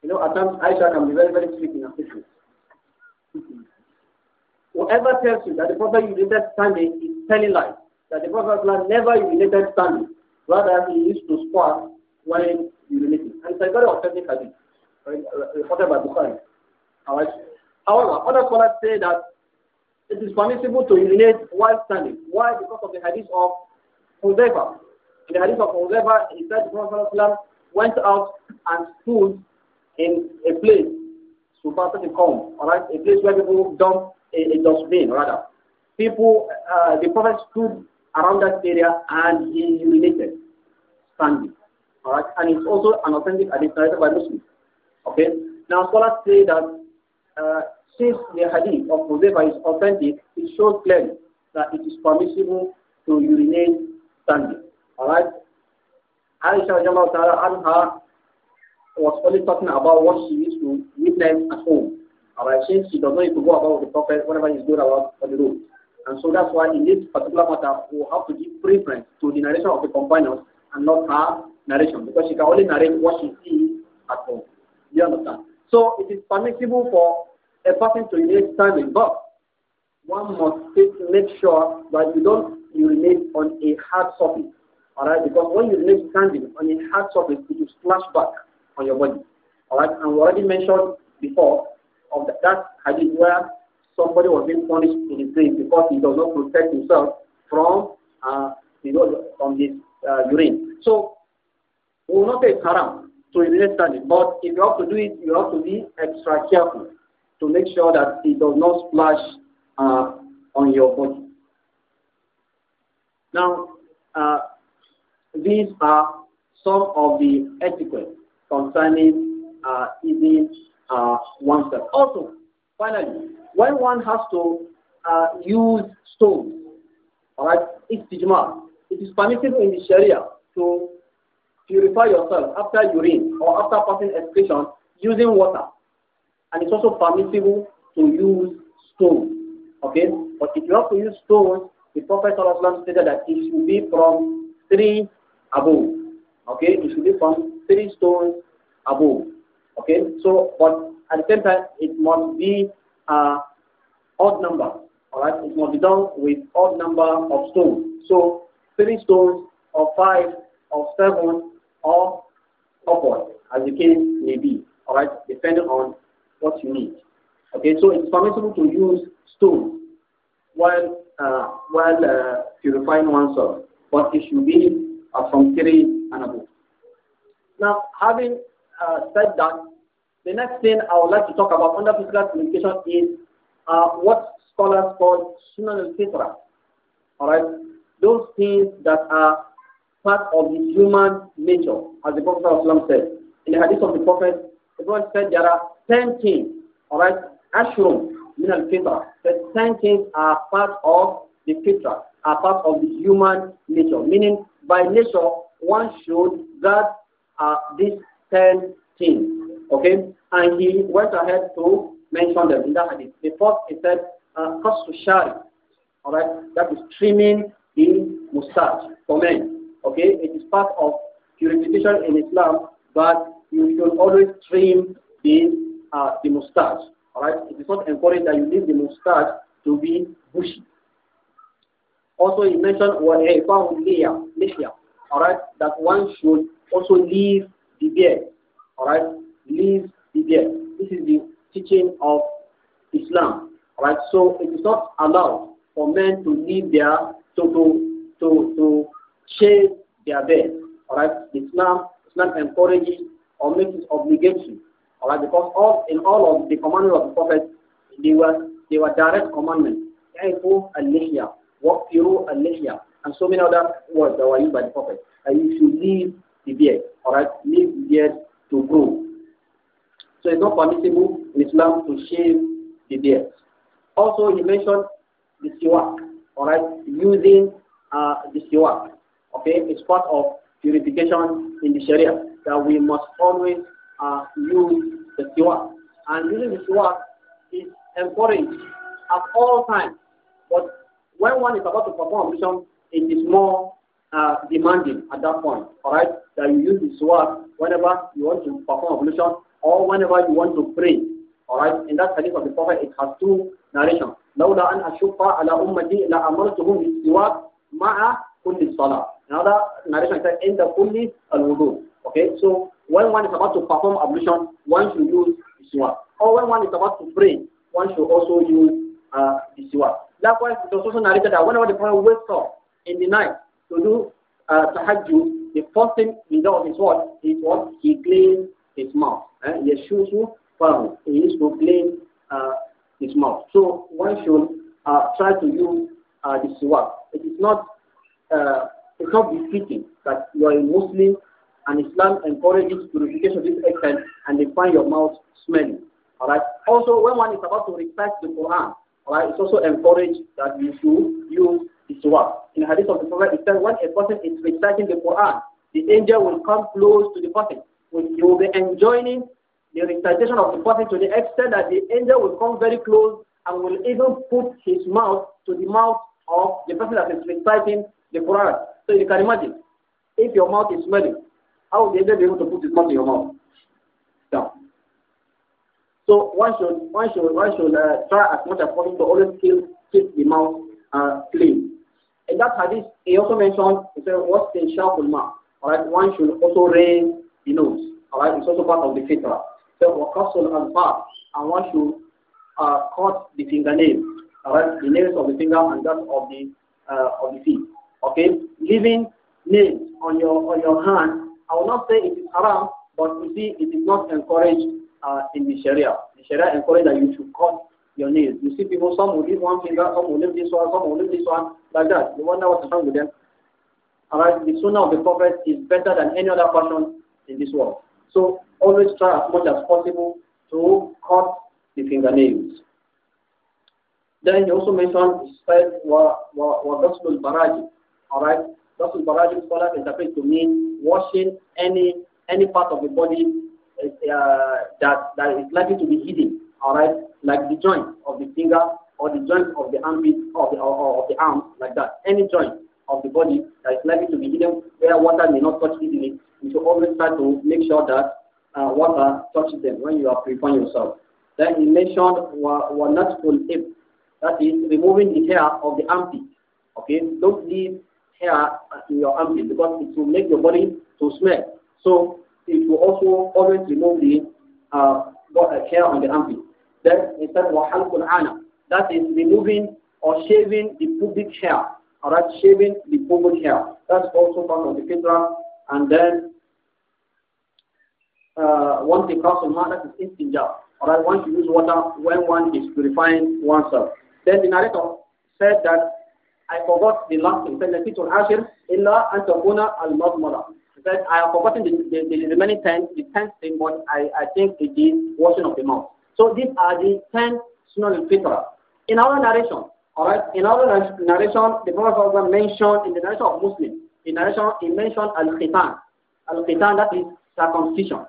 You know, at times Aisha can be very, very sweet in her Whoever tells you that the Prophet urinated standing is telling lies, that the Prophet never urinated standing, rather he used to squat while urinating. And it's a very authentic hadith, reported by Bukhari. However, other scholars say that it is permissible to urinate while standing. Why? Because of the hadith of Hudayfa, in the hadith of Uzaifa, he said the Prophet went out and stood in a place, the comb. alright, a place where people dump a, a dustbin, rather. People, uh, the Prophet stood around that area and he urinated, standing. Alright, and it's also an authentic hadith narrated by Muslims. Okay, now scholars say that uh, since the hadith of Huzaifa is authentic, it shows clearly that it is permissible to urinate standing. All right. Aisha Jamal Anha was only talking about what she used to witness at home. All right. Since she does not need to go about with the prophet whenever he's going about on the road. And so that's why in this particular matter, we have to give preference to the narration of the companions and not her narration because she can only narrate what she sees at home. You understand? So it is permissible for a person to urinate standing, but one must make sure that you don't remain on a hard surface. Alright, because when you remain standing on it has something, it will splash back on your body. Alright, and we already mentioned before of that, that hadith where somebody was being punished in his grave because he does not protect himself from uh, you know from his uh, urine. So we will not say haram to remain standing, but if you have to do it, you have to be extra careful to make sure that it does not splash uh, on your body. Now, uh, these are some of the etiquette concerning uh, eating uh, oneself. Also, finally, when one has to uh, use stones, all right, istijma, it is permissible in the Sharia to purify yourself after urine or after passing excretion using water. And it's also permissible to use stones. Okay? But if you have to use stones, the Prophet stated that it should be from three above. Okay, it should be from three stones above. Okay, so but at the same time it must be odd number. Alright, it must be done with odd number of stones. So three stones or five or seven or upward, as the case may be. Alright, depending on what you need. Okay, so it's permissible to use stones while uh, while uh, purifying oneself, but it should be or from and Now, having uh, said that, the next thing I would like to talk about under physical communication is uh, what scholars call sunan al-fitra. All right, those things that are part of the human nature, as the Prophet Islam said. In the hadith of the Prophet, the Prophet said there are ten things. All right, ashrum min al fitra. The ten things are part of the fitra, are part of the human nature, meaning by nature, one should that uh, these ten things. Okay? And he went ahead to mention them in that hadith. The first, he said, uh, Kasushari. Alright? That is trimming the mustache for men. Okay? It is part of purification in Islam, but you should always trim the, uh, the mustache. Alright? It is not encouraged that you leave the mustache to be bushy. Also, he mentioned وَالْعِفَاهُ لِحْيَا Alright, that one should also leave the beard. Alright, leave the beard. This is the teaching of Islam. Alright, so it is not allowed for men to leave their, to, to, to, to shave their beard. Alright, Islam, Islam encourages or makes it obligatory. Alright, because all, in all of the commandments of the Prophet, they were, they were direct commandments. يعرفوا اللحية wafiru al-lihya, and so many other words that were used by the Prophet. And you should leave the beard, alright? Leave the beard to grow. So it's not permissible in Islam to shave the beard. Also, he mentioned the siwak, alright? Using uh, the siwak, okay? It's part of purification in the Sharia that we must always uh, use the siwak. And using the siwak is encouraged at all times. But when one is about to perform ablution, it is more uh, demanding at that point, all right? That you use this word whenever you want to perform ablution or whenever you want to pray, all right? In that hadith of the Prophet, it has two narrations. لولا أن أشق على أمتي لأمرتهم بالسواك مع كل صلاة. Another narration says, in the kulli al-wudu. Okay, so when one is about to perform ablution, one should use word, Or when one is about to pray, one should also use uh, the siwak. Likewise, it was also narrated that whenever the Prophet wakes up in the night to do uh, tahajjud, the first thing he does is what? Is what? He cleans his mouth. Eh? Yeshusu fahu. He needs to clean uh, his mouth. So one should uh, try to use uh, the siwak. It is not uh, it's not befitting that you are a Muslim and Islam encourages purification of this extent and they find your mouth smelling. Alright. Also, when one is about to recite the Quran, Right, it's also encouraged that you should use work In the hadith of the Prophet, it says when a person is reciting the Quran, the angel will come close to the person. He will be enjoining the recitation of the person to the extent that the angel will come very close and will even put his mouth to the mouth of the person that is reciting the Quran. So you can imagine, if your mouth is smelling, how will the angel be able to put his mouth in your mouth? So one should one should one should uh, try as much as possible to always keep keep the mouth uh, clean. In that hadith, he also mentioned he said, "What's in sharpul ma?" All right, one should also rain the nose. All right, it's also part of the fitra. So wakasul al part, and one should uh, cut the fingernail. All right, the nails of the finger and that of the uh, of the feet. Okay, leaving nails on your on your hand. I will not say it is haram, but you see, it is not encouraged uh, in the Sharia. The Sharia encourage that you should cut your nails. You see people, some will leave one finger, some will leave this one, some will leave this one, like that. You wonder what's wrong with them. Alright, the sunnah of the Prophet is better than any other person in this world. So always try as much as possible to cut the fingernails. Then you also mentioned said what wa wa ghusl baraji. Alright, ghusl baraji it's interpret to mean washing any any part of the body uh, that, that is likely to be hidden, all right, like the joint of the finger or the joint of the armpit or, the, or, or of the arm, like that, any joint of the body that is likely to be hidden where water may not touch easily, you should always try to make sure that uh, water touches them when you are preparing yourself. Then he mentioned wanatful tip, that is removing the hair of the armpit. Okay, don't leave hair uh, in your armpit because it will make your body to smell. So it will also always remove the uh, hair on the armpit. Then it says وحلق ana, That is removing or shaving the pubic hair. Alright, shaving the pubic hair. That's also part of the fitra. And then uh, once you cross the that is istinja. Alright, once you use water when one is purifying oneself. Then the narrator said that I forgot the last thing. Said the fitra ashir illa antakuna al madmada. I have forgotten the, the, the remaining 10, the 10th thing, but I, I think it is washing of the mouth. So these are the 10 sunnah al-fitra. In our narration, all right, in our narration, the Prophet mentioned, in the narration of Muslim, in narration, he mentioned al-khitan. Al-khitan, that is circumcision.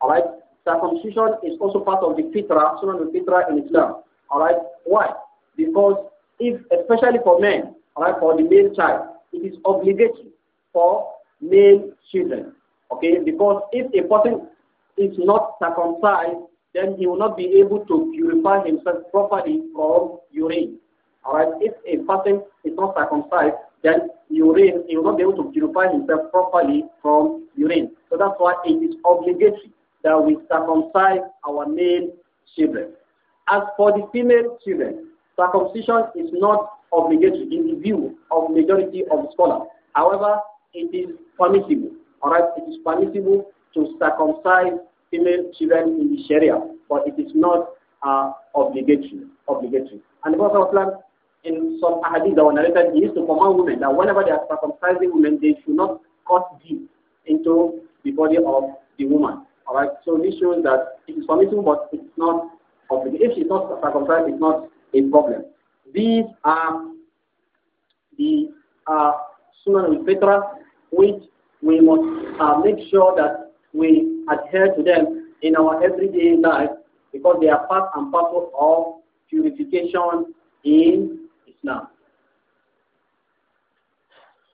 All right, circumcision is also part of the fitra, sunnah al-fitra in Islam. All right, why? Because if, especially for men, all right, for the male child, it is obligatory for male children. Okay, because if a person is not circumcised, then he will not be able to purify himself properly from urine. Alright, if a person is not circumcised, then urine, he will not be able to purify himself properly from urine. So that's why it is obligatory that we circumcise our male children. As for the female children, circumcision is not obligatory in the view of majority of scholars. However, it is permissible. Alright, it is permissible to circumcise female children in the Sharia, but it is not uh, obligatory. Obligatory. And the Prophet in some hadith that were narrated, he used to command women that whenever they are circumcising women, they should not cut deep into the body of the woman. All right. So this shows that it is permissible, but it's not obligatory. If she's not circumcised, it's not a problem. These are the uh, sunan al fitra, which we must uh, make sure that we adhere to them in our everyday life because they are part and parcel of purification in Islam.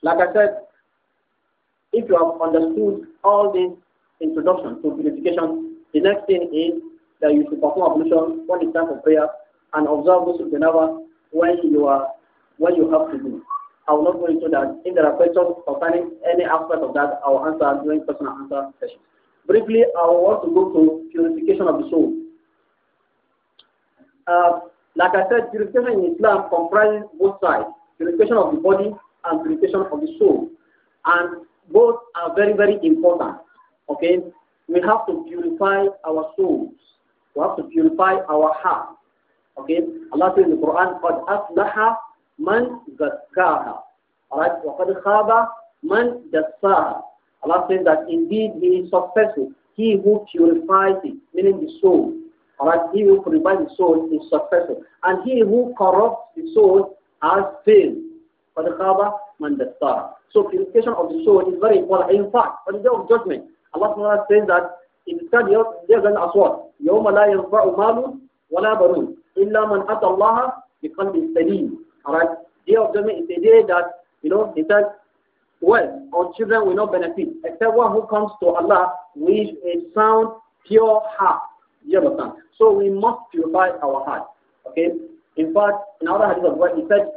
Like I said, if you have understood all this introduction to purification, the next thing is that you should perform ablution when it's time for prayer and observe this janaba when you are when you have to do. I will not go into that. If there are questions concerning any aspect of that, I will answer during question and answer session. Briefly, I want to go to purification of the soul. Uh, like I said, purification in Islam comprises both sides purification of the body and purification of the soul. And both are very, very important. Okay? We have to purify our souls. We have to purify our heart. Okay? Allah says in the Quran, قَدْ أَفْلَحَ man zakkaha. Alright, وَقَدْ khaba man dassaha. Allah says that indeed he is successful. He who purifies it, meaning the soul. Alright, he who purifies the soul is successful. And he who corrupts the soul has failed. قَدْ khaba man dassaha. So purification of the soul is very important. In fact, on the day of judgment, Allah says that in the day as well, يَوْمَ لَا يَنْفَعُ مَالٌ وَلَا بَنُونَ إِلَّا مَنْ أَتَى اللَّهَ بِقَلْبٍ سَلِيمٍ Alright? Day of judgment is a day that, you know, he says, well, our children will not benefit, except one who comes to Allah with a sound, pure heart. You understand? So we must purify our heart. Okay? In fact, in other hadith of what he said,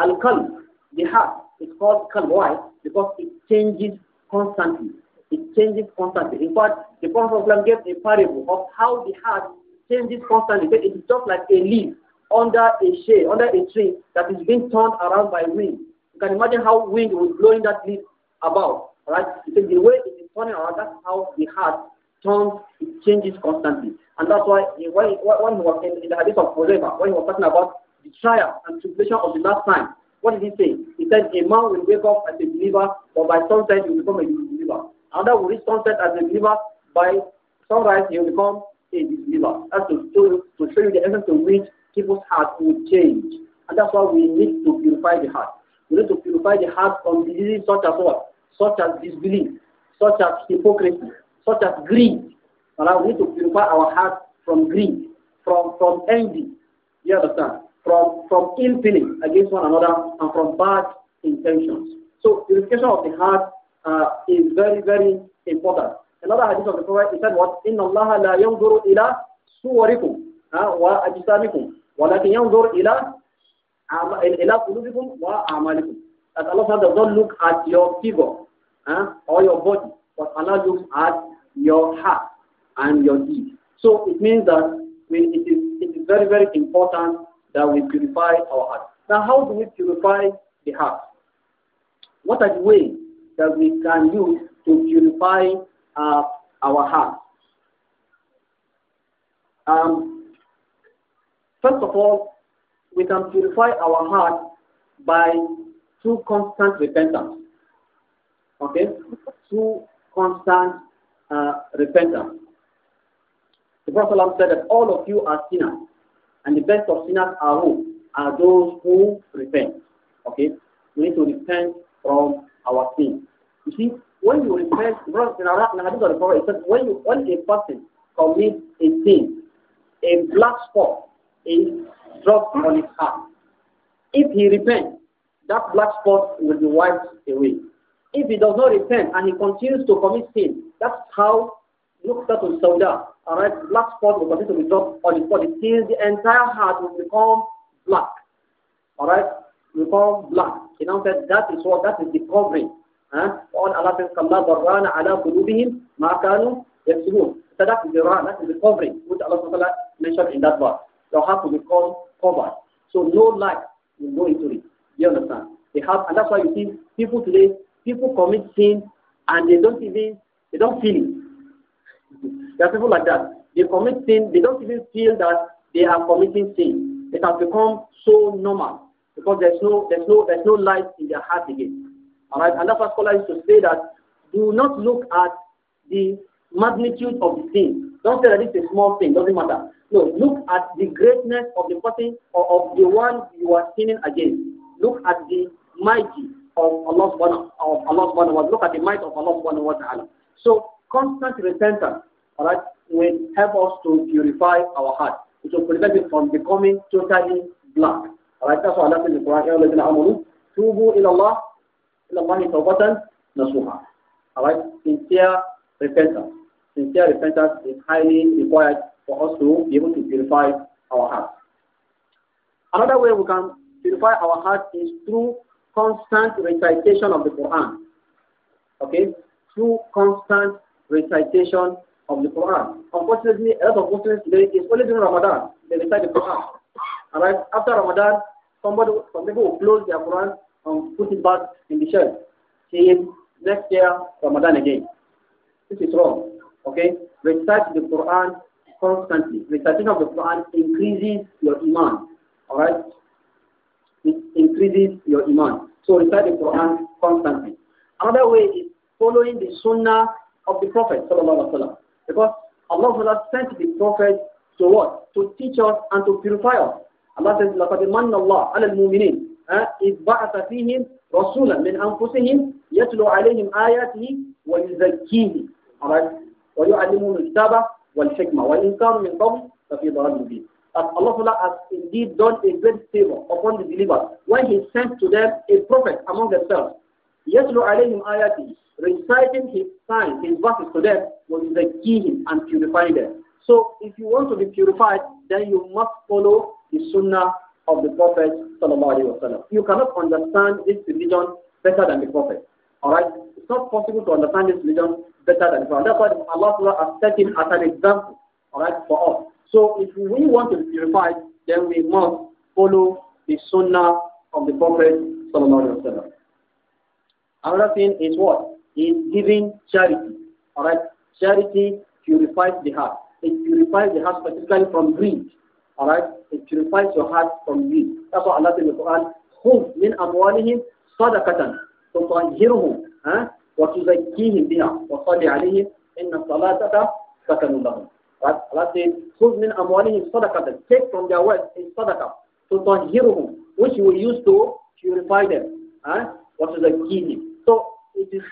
Al-Qalb, the heart, is called Qalb. Why? Because it changes constantly. It changes constantly. In fact, the Prophet gave a parable of how the heart changes constantly. It is just like a leaf under a shade, under a tree that is being turned around by wind. You can imagine how wind was blowing that leaf about, right? Because the way it is turning around, that's how the heart turns, it changes constantly. And that's why when, when he was in, in the hadith of Huzaifa, when he was talking about the trial and tribulation of the last time, what did he say? He said, a man will wake up as a believer, but by sunset he will become a believer. Another will reach sunset as a believer, by sunrise he will become a believer. That's to, to, to show you the essence to which people's heart will change. And that's why we need to purify the heart. We need to purify the heart from diseases such as what? Such as disbelief, such as hypocrisy, such as greed. Right? We need to purify our heart from greed, from, from envy, you understand? From, from ill feeling against one another and from bad intentions. So purification of the heart uh, is very, very important. Another hadith of the Prophet, he said what? Allah, la لَا يَنْظُرُ إِلَى wa وَأَجْسَامِكُمْ ولكن ينظر إلى إلى قلوبكم وأعمالكم. That Allah does not look at your figure huh, or your body, but Allah looks at your heart and your deeds. So it means that we, it, is, it is very, very important that we purify our heart. Now, how do we purify the heart? What are the ways that we can use to purify uh, our heart? Um, First of all, we can purify our heart by through constant repentance. Okay? Through constant uh, repentance. The Prophet said that all of you are sinners, and the best of sinners are who? Are those who repent. Okay? We need to repent from our sins. You see, when you repent, in our hadith of the Prophet, it says, when, you, when a person commits a sin, a black spot Drop on his heart. If he repents, that black spot will be wiped away. If he does not repent and he continues to commit sin, that's how Nuqsatul Sawda, alright, black spot will continue to be dropped on his body till the entire heart will become black. Alright, become black. He now said that is what, that is the covering. Huh? All Allah says, كَمَّا ضَرَّانَ عَلَىٰ قُلُوبِهِمْ مَا كَانُوا يَكْسِبُونَ. So that is the run, that is the covering, which Allah mentioned in that verse. The heart will become covered. So no light will go into it. You understand? They have, and that's why you see people today, people commit sin and they don't even, they don't feel it. There are people like that. They commit sin, they don't even feel that they are committing sin. It has become so normal because there's no, there's no, there's no light in their heart again. All right, and that's why scholars used to say that do not look at the magnitude of the sin. Don't say that it's a small thing, doesn't matter. No, look at the greatness of the person or of the one you are sinning against. Look at the mighty of Allah subhanahu wa ta'ala. Look at the might of Allah subhanahu wa ta'ala. So constant repentance, all right, will help us to purify our heart. It will prevent it from becoming totally black. All right, that's what Allah says in the Quran. tawbatan nasuha. All right, sincere repentance. Sincere repentance is highly required for us to be able to purify our heart. Another way we can purify our heart is through constant recitation of the Quran. Okay? Through constant recitation of the Quran. Unfortunately, a lot of Muslims today is only during Ramadan they recite the Quran. Alright? After Ramadan, somebody some people will close their Quran and put it back in the shelf. See next year Ramadan again. This is wrong. Okay? Recite the Quran constantly. Recitation of the Quran increases your iman. Alright? It increases your iman. So recite the Quran constantly. Another way is following the sunnah of the Prophet. Because Allah sent the Prophet to what? To teach us and to purify us. Allah says, لَقَدْ مَنَّ اللَّهُ عَلَى الْمُؤْمِنِينَ إذ بَعَثَ فِيهِمْ رَسُولًا مِنْ أَنفُسِهِمْ يَتْلُو عَلَيْهِمْ آيَاتِهِ وَيُزَكِّيهِمْ Alright? وَيُعَلِّمُهُمُ الْكِتَابَ والحكمة وإن من قبل ففي ضلال مبين Allah has indeed done a great favor upon the believers when He sent to them a prophet among themselves. يَتْلُ عَلَيْهِمْ آيَاتِهِ Reciting His signs, His verses to them, وَيُزَكِّيهِمْ and purifying them. So if you want to be purified, then you must follow the sunnah of the Prophet You cannot understand this religion better than the Prophet. Alright? It's not possible to understand this religion better than Islam. That's why Allah has taken as an example, alright, for us. So if we want to be purified, then we must follow the sunnah of the Prophet. Another thing is what? Is giving charity. Alright? Charity purifies the heart. It purifies the heart particularly from greed. Alright? It purifies your heart from greed. That's what Allah said in the Quran. خُذْ مِنْ أَمْوَالِهِمْ صَدَقَةً تطهره ها وتزكيهم بها وصل عليه إن صلاتك سكن لهم Right? Allah says, خذ من أموالهم صدقة Take from their wealth in صدقة تطهرهم which we will use to purify them. Huh? What is the So it is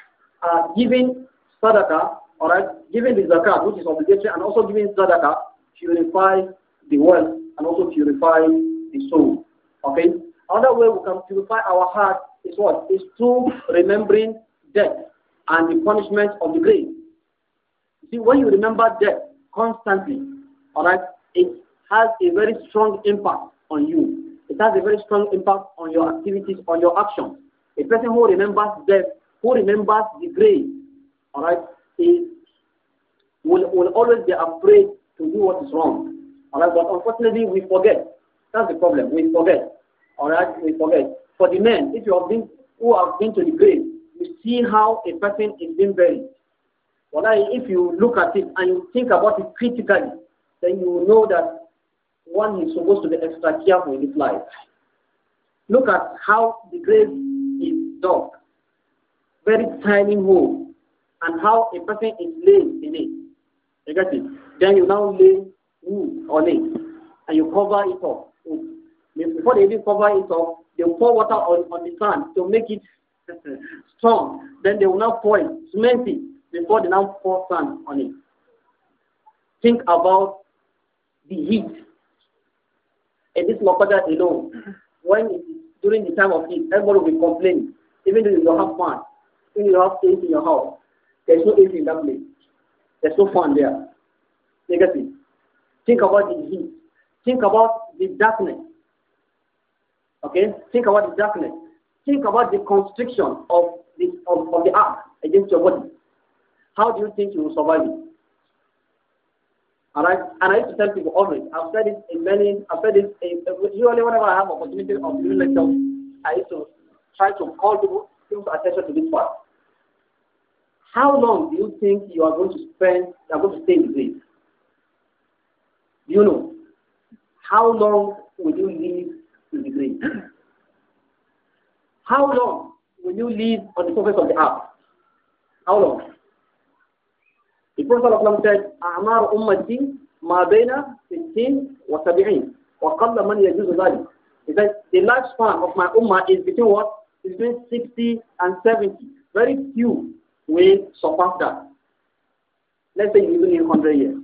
uh, giving sadaqah, alright, giving the zakat, which is obligatory, and also giving sadaqah purify the wealth and also purify the soul. Okay? Another way we can purify our heart is it's through remembering death and the punishment of the grave. See, when you remember death constantly, all right, it has a very strong impact on you. It has a very strong impact on your activities, on your actions. A person who remembers death, who remembers the grave, all right, is will, will always be afraid to do what is wrong. All right, but unfortunately we forget. That's the problem. We forget. All right, we forget for the men, if you have been who have been to the grave, you see how a person is being buried. Well, if you look at it and you think about it critically, then you know that one is supposed to be extra careful in his life. Look at how the grave is dug, very tiny hole, and how a person is laid in it. You get it? Then you now lay wood on it, and you cover it up. Before they even cover it up, they pour water on, on the sand to make it uh, strong. Then they will now pour it, cement it, before they now pour sand on it. Think about the heat. In this Makoda alone, when it is during the time of heat, everybody will complain. Even though you don't have fan, even you don't have AC in your house, there's no AC in that place. There's no fun there. Negative. Think about the heat. Think about the darkness. Okay? Think about the darkness. Think about the constriction of the, of, of the ark against your body. How do you think you will survive it? Alright? And I used to tell people always, I've said it in many, I've said it usually whenever I have opportunity of doing lectures, I used to try to call people, people's attention to this part. How long do you think you are going to spend, you are going to stay in the grave? Do you know? How long How long will you live on the surface of the earth? How long? The Prophet said, أعمار أمتي ما بين 15 و 70 وقل من يجوز ذلك. He said, the lifespan of my ummah is between what? Is between 60 and 70. Very few will surpass that. Let's say you live in 100 years.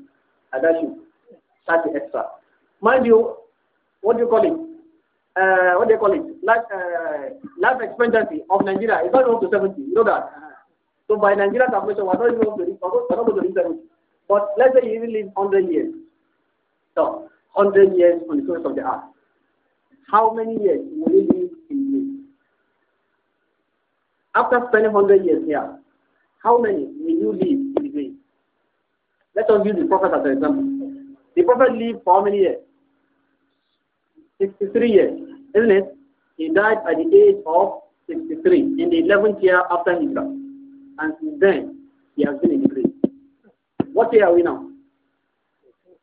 I you. 30 extra. Mind you, what do you call it? uh, what do you call it, life, uh, life expectancy of Nigeria is not even to 70. You know that. So by Nigeria calculation, we are not even to reach, we not to 70. But let's say you will live 100 years. So 100 years on the surface of the earth. How many years will you live in you? After spending 100 years here, how many will you live in the grave? Let us use the prophet as an example. The prophet lived for how many years? 63 years. Isn't it? He died at the age of 63, in the 11th year after Hijrah. And since then, he has been in the grave. What year are we now?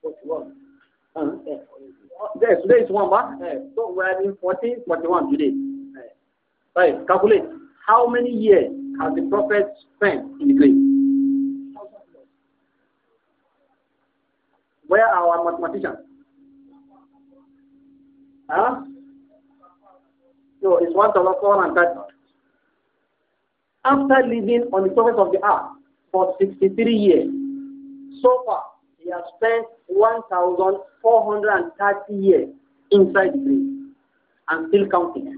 41. Uh, yes, yes today is one, but uh, so we are in 14, 41 today. Right, calculate how many years has the prophet spent in the grave? Where are our mathematicians? Huh? So it's 1,430. After living on the surface of the earth for 63 years, so far he has spent 1,430 years inside the grave and still counting.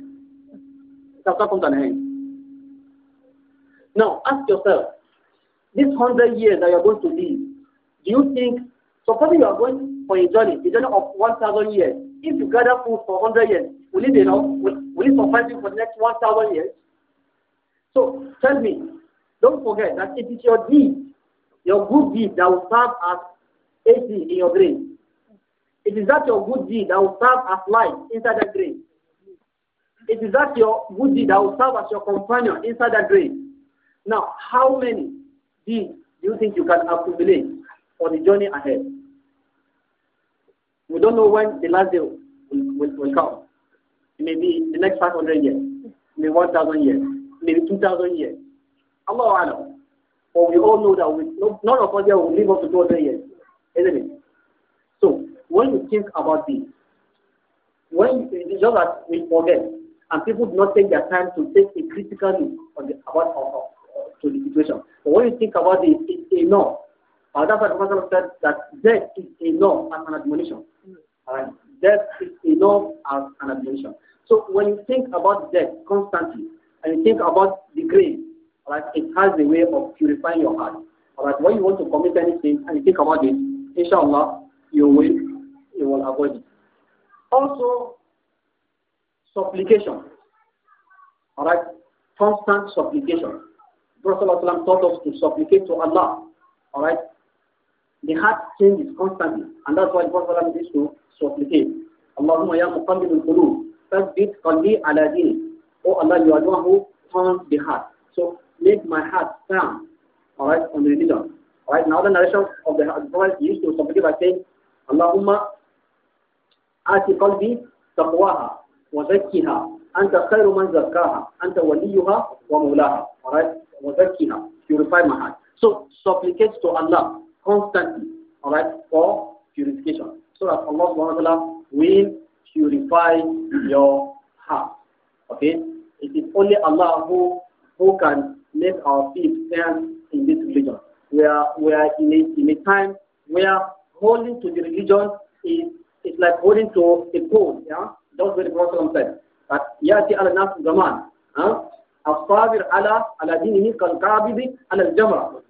That's not to an end. Now, ask yourself, this 100 years that you are going to live, do you think, supposing you are going for a journey, a journey of 1,000 years, if you gather food for 100 years, will it be enough? Will for fighting for the next 1,000 years? So tell me, don't forget that it is your deed, your good deed that will serve as AC in your grave. It is that your good deed that will serve as light inside the grave. It is that your good deed that will serve as your companion inside the grave. Now, how many deeds do you think you can accumulate for the journey ahead? We don't know when the last day will, will, will come maybe the next 500 years, maybe 1,000 years, maybe 2,000 years. Allah Alam. But we all know that we, no, none of us here will live up to 200 years, isn't it? So, when you think about this, when you, just that we forget, and people do not take their time to take a critical look on the, about our to the situation. But when you think about it, it's enough. Uh, that's why the said that death is enough as an admonition. Mm. All right death is enough as an absolution. So when you think about death constantly, and you think about the grace, like it has a way of purifying your heart. Alright, when you want to commit any sin and you think about it, inshallah, you will you will avoid it. Also, supplication. Alright, constant supplication. Prophet taught us to supplicate to Allah. Alright, the heart changes constantly, and that's why Prophet used to supplicate. Allahumma ya muqallib al-qulub, tasbit qalbi ala din. Oh Allah, you the heart. So make my heart firm, all right, on religion. All right, now the narration of the Prophet used to supplicate by saying, Allahumma ati qalbi taqwaha wa zakkiha anta khayru man zakkaha anta waliyuha wa mawlaha. All right, wa purify my heart. So supplicate to Allah constantly, all right, for purification so that Allah subhanahu wa ta'ala will purify your heart. Okay? It is only Allah who who can make our feet stand in this religion. We are we are in a in a time where holding to the religion is it's like holding to a pole, yeah? That's what the Prophet said. That Yati al Nas Zaman. Asabir ala ala dinihi kal kabidi ala jamra.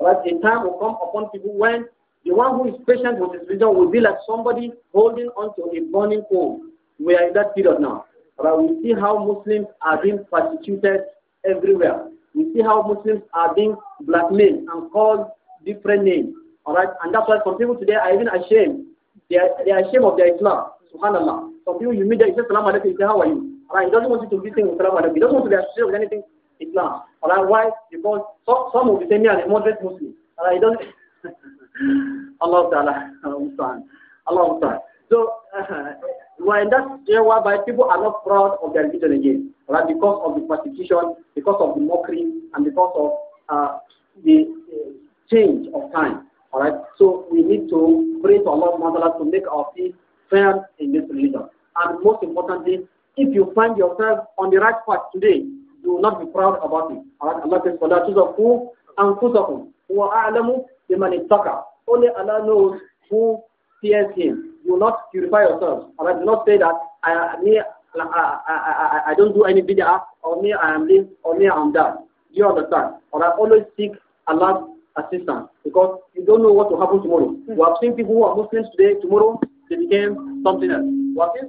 Right? A time will come upon people when the one who is patient with his religion will be like somebody holding onto a burning coal. We are in that period now. But we see how Muslims are being persecuted everywhere. We see how Muslims are being blackmailed and called different names. All right, and that's why some people today are even ashamed. They are, they are ashamed of their Islam. Subhanallah. Some people you meet them, you say, Salaam alaikum, say, how are you? All right, he doesn't want you to be saying Salam alaikum. He doesn't want to be ashamed of anything Islam. All right, why? Because some, some will be saying, me a moderate Muslim. All right, he doesn't, Allah Ta'ala, Allah Ta'ala. So, uh, we're in that era whereby people are not proud of their religion again, right? Because of the persecution, because of the mockery, and because of uh, the uh, change of time, all right? So, we need to pray to Allah Ta'ala to make our feet firm in this religion. And most importantly, if you find yourself on the right path today, you will not be proud about it. All right? Allah says, وَلَا تُزَكُوا أَنفُسَكُمْ هُوَ money Ittaka. Only Allah knows who fears him. Do not purify yourselves. Allah do not say that I, me, I, I, I, I don't do any bid'ah, or me I am this, or me I am that. Do you understand? Or I always seek Allah's assistance because you don't know what will happen tomorrow. Mm. We have seen people who are Muslims today, tomorrow they became something else. We have seen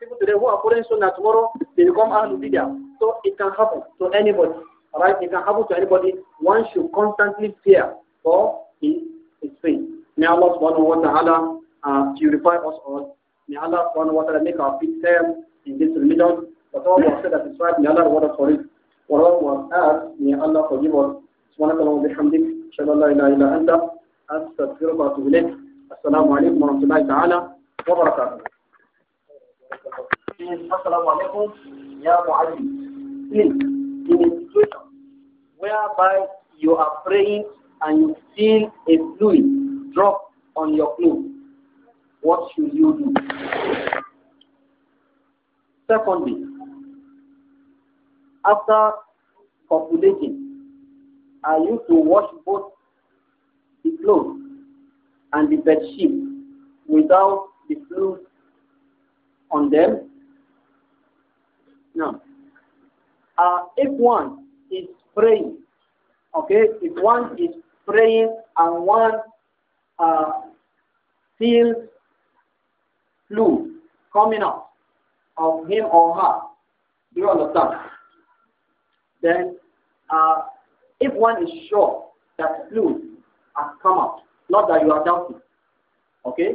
people today who are following Sunnah, tomorrow they become Ahlul Bid'ah. So it can happen to anybody. Alright, it can happen to anybody. One should constantly fear for in its May Allah subhanahu wa ta'ala uh, purify us all. May Allah subhanahu wa ta'ala make our feet firm in this religion. But all was said that is right, may Allah reward us for it. What all was asked, may Allah forgive us. سبحانك اللهم وبحمدك أشهد أن لا إله إلا أنت أستغفرك وأتوب إليك السلام عليكم ورحمة الله تعالى Assalamu alaikum ya يا Please, in a situation whereby you are praying and you feel a fluid drop on your clothes, what should you do? Secondly, after copulating, I used to wash both the clothes and the bed sheet without the fluid on them. Now, uh, if one is praying, okay, if one is praying and one uh, feels flu coming out of him or her. Do you understand? Then, uh, if one is sure that flu has come out, not that you are doubting, okay?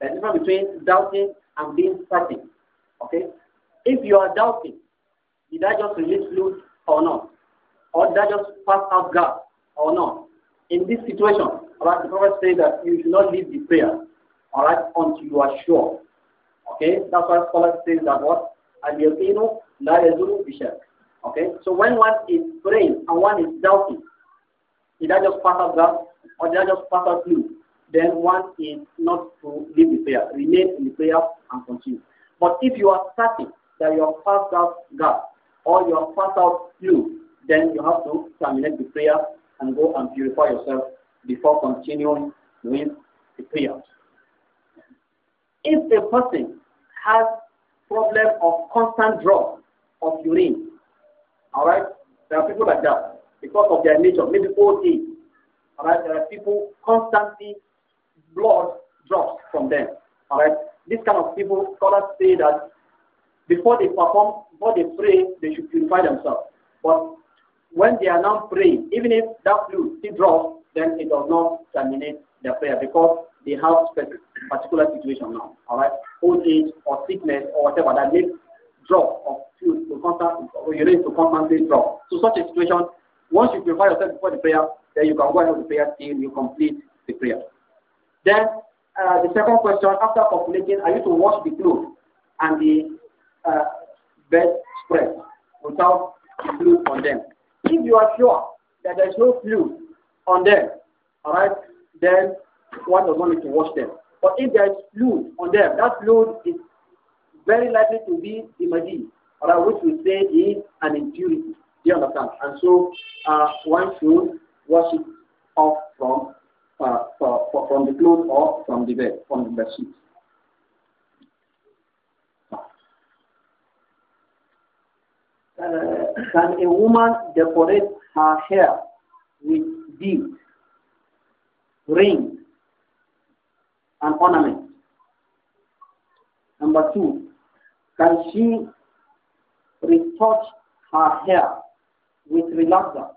The difference between doubting and being certain, okay? If you are doubting, did I just release flu or not? Or did I just pass out gas or not? in this situation, alright, the Prophet says that you should not leave the prayer, alright, until you are sure. Okay, that's why scholars say that what al yaqinu la yazulu bishak. Okay, so when one is praying and one is doubting, did I just pass out that or did I just pass out you? Then one is not to leave the prayer, remain in the prayer and continue. But if you are certain that you have passed out God or you have passed out you, then you have to terminate the prayer and go and purify yourself before continuing with the prayer. If a person has problem of constant drop of urine, all right, there are people like that because of their nature, maybe OT, all right, there are people constantly blood drops from them, all right. This kind of people, scholars say that before they perform, before they pray, they should purify themselves. But when they are not praying, even if that flu, still drops, then it does not terminate the prayer because they have specific, particular situation now. All right, old age or sickness or whatever that makes drop of fluid to constant or urine to constantly drop. So such a situation, once you prepare yourself before the prayer, then you can go ahead with the prayer till you complete the prayer. Then uh, the second question, after populating, are you to wash the clothes and the uh, bed spread without the fluid on them? If you are sure that there is no flu on them, all right, then one does not need to wash them. But if there is fluid on them, that fluid is very likely to be imadi, or which we say is an impurity. Do you understand? And so uh, one should wash it off from uh, from the clothes or from the bed, from the bed sheet. Uh, can a woman decorate her hair with beads, rings, and ornaments? Number two, can she retouch her hair with relaxer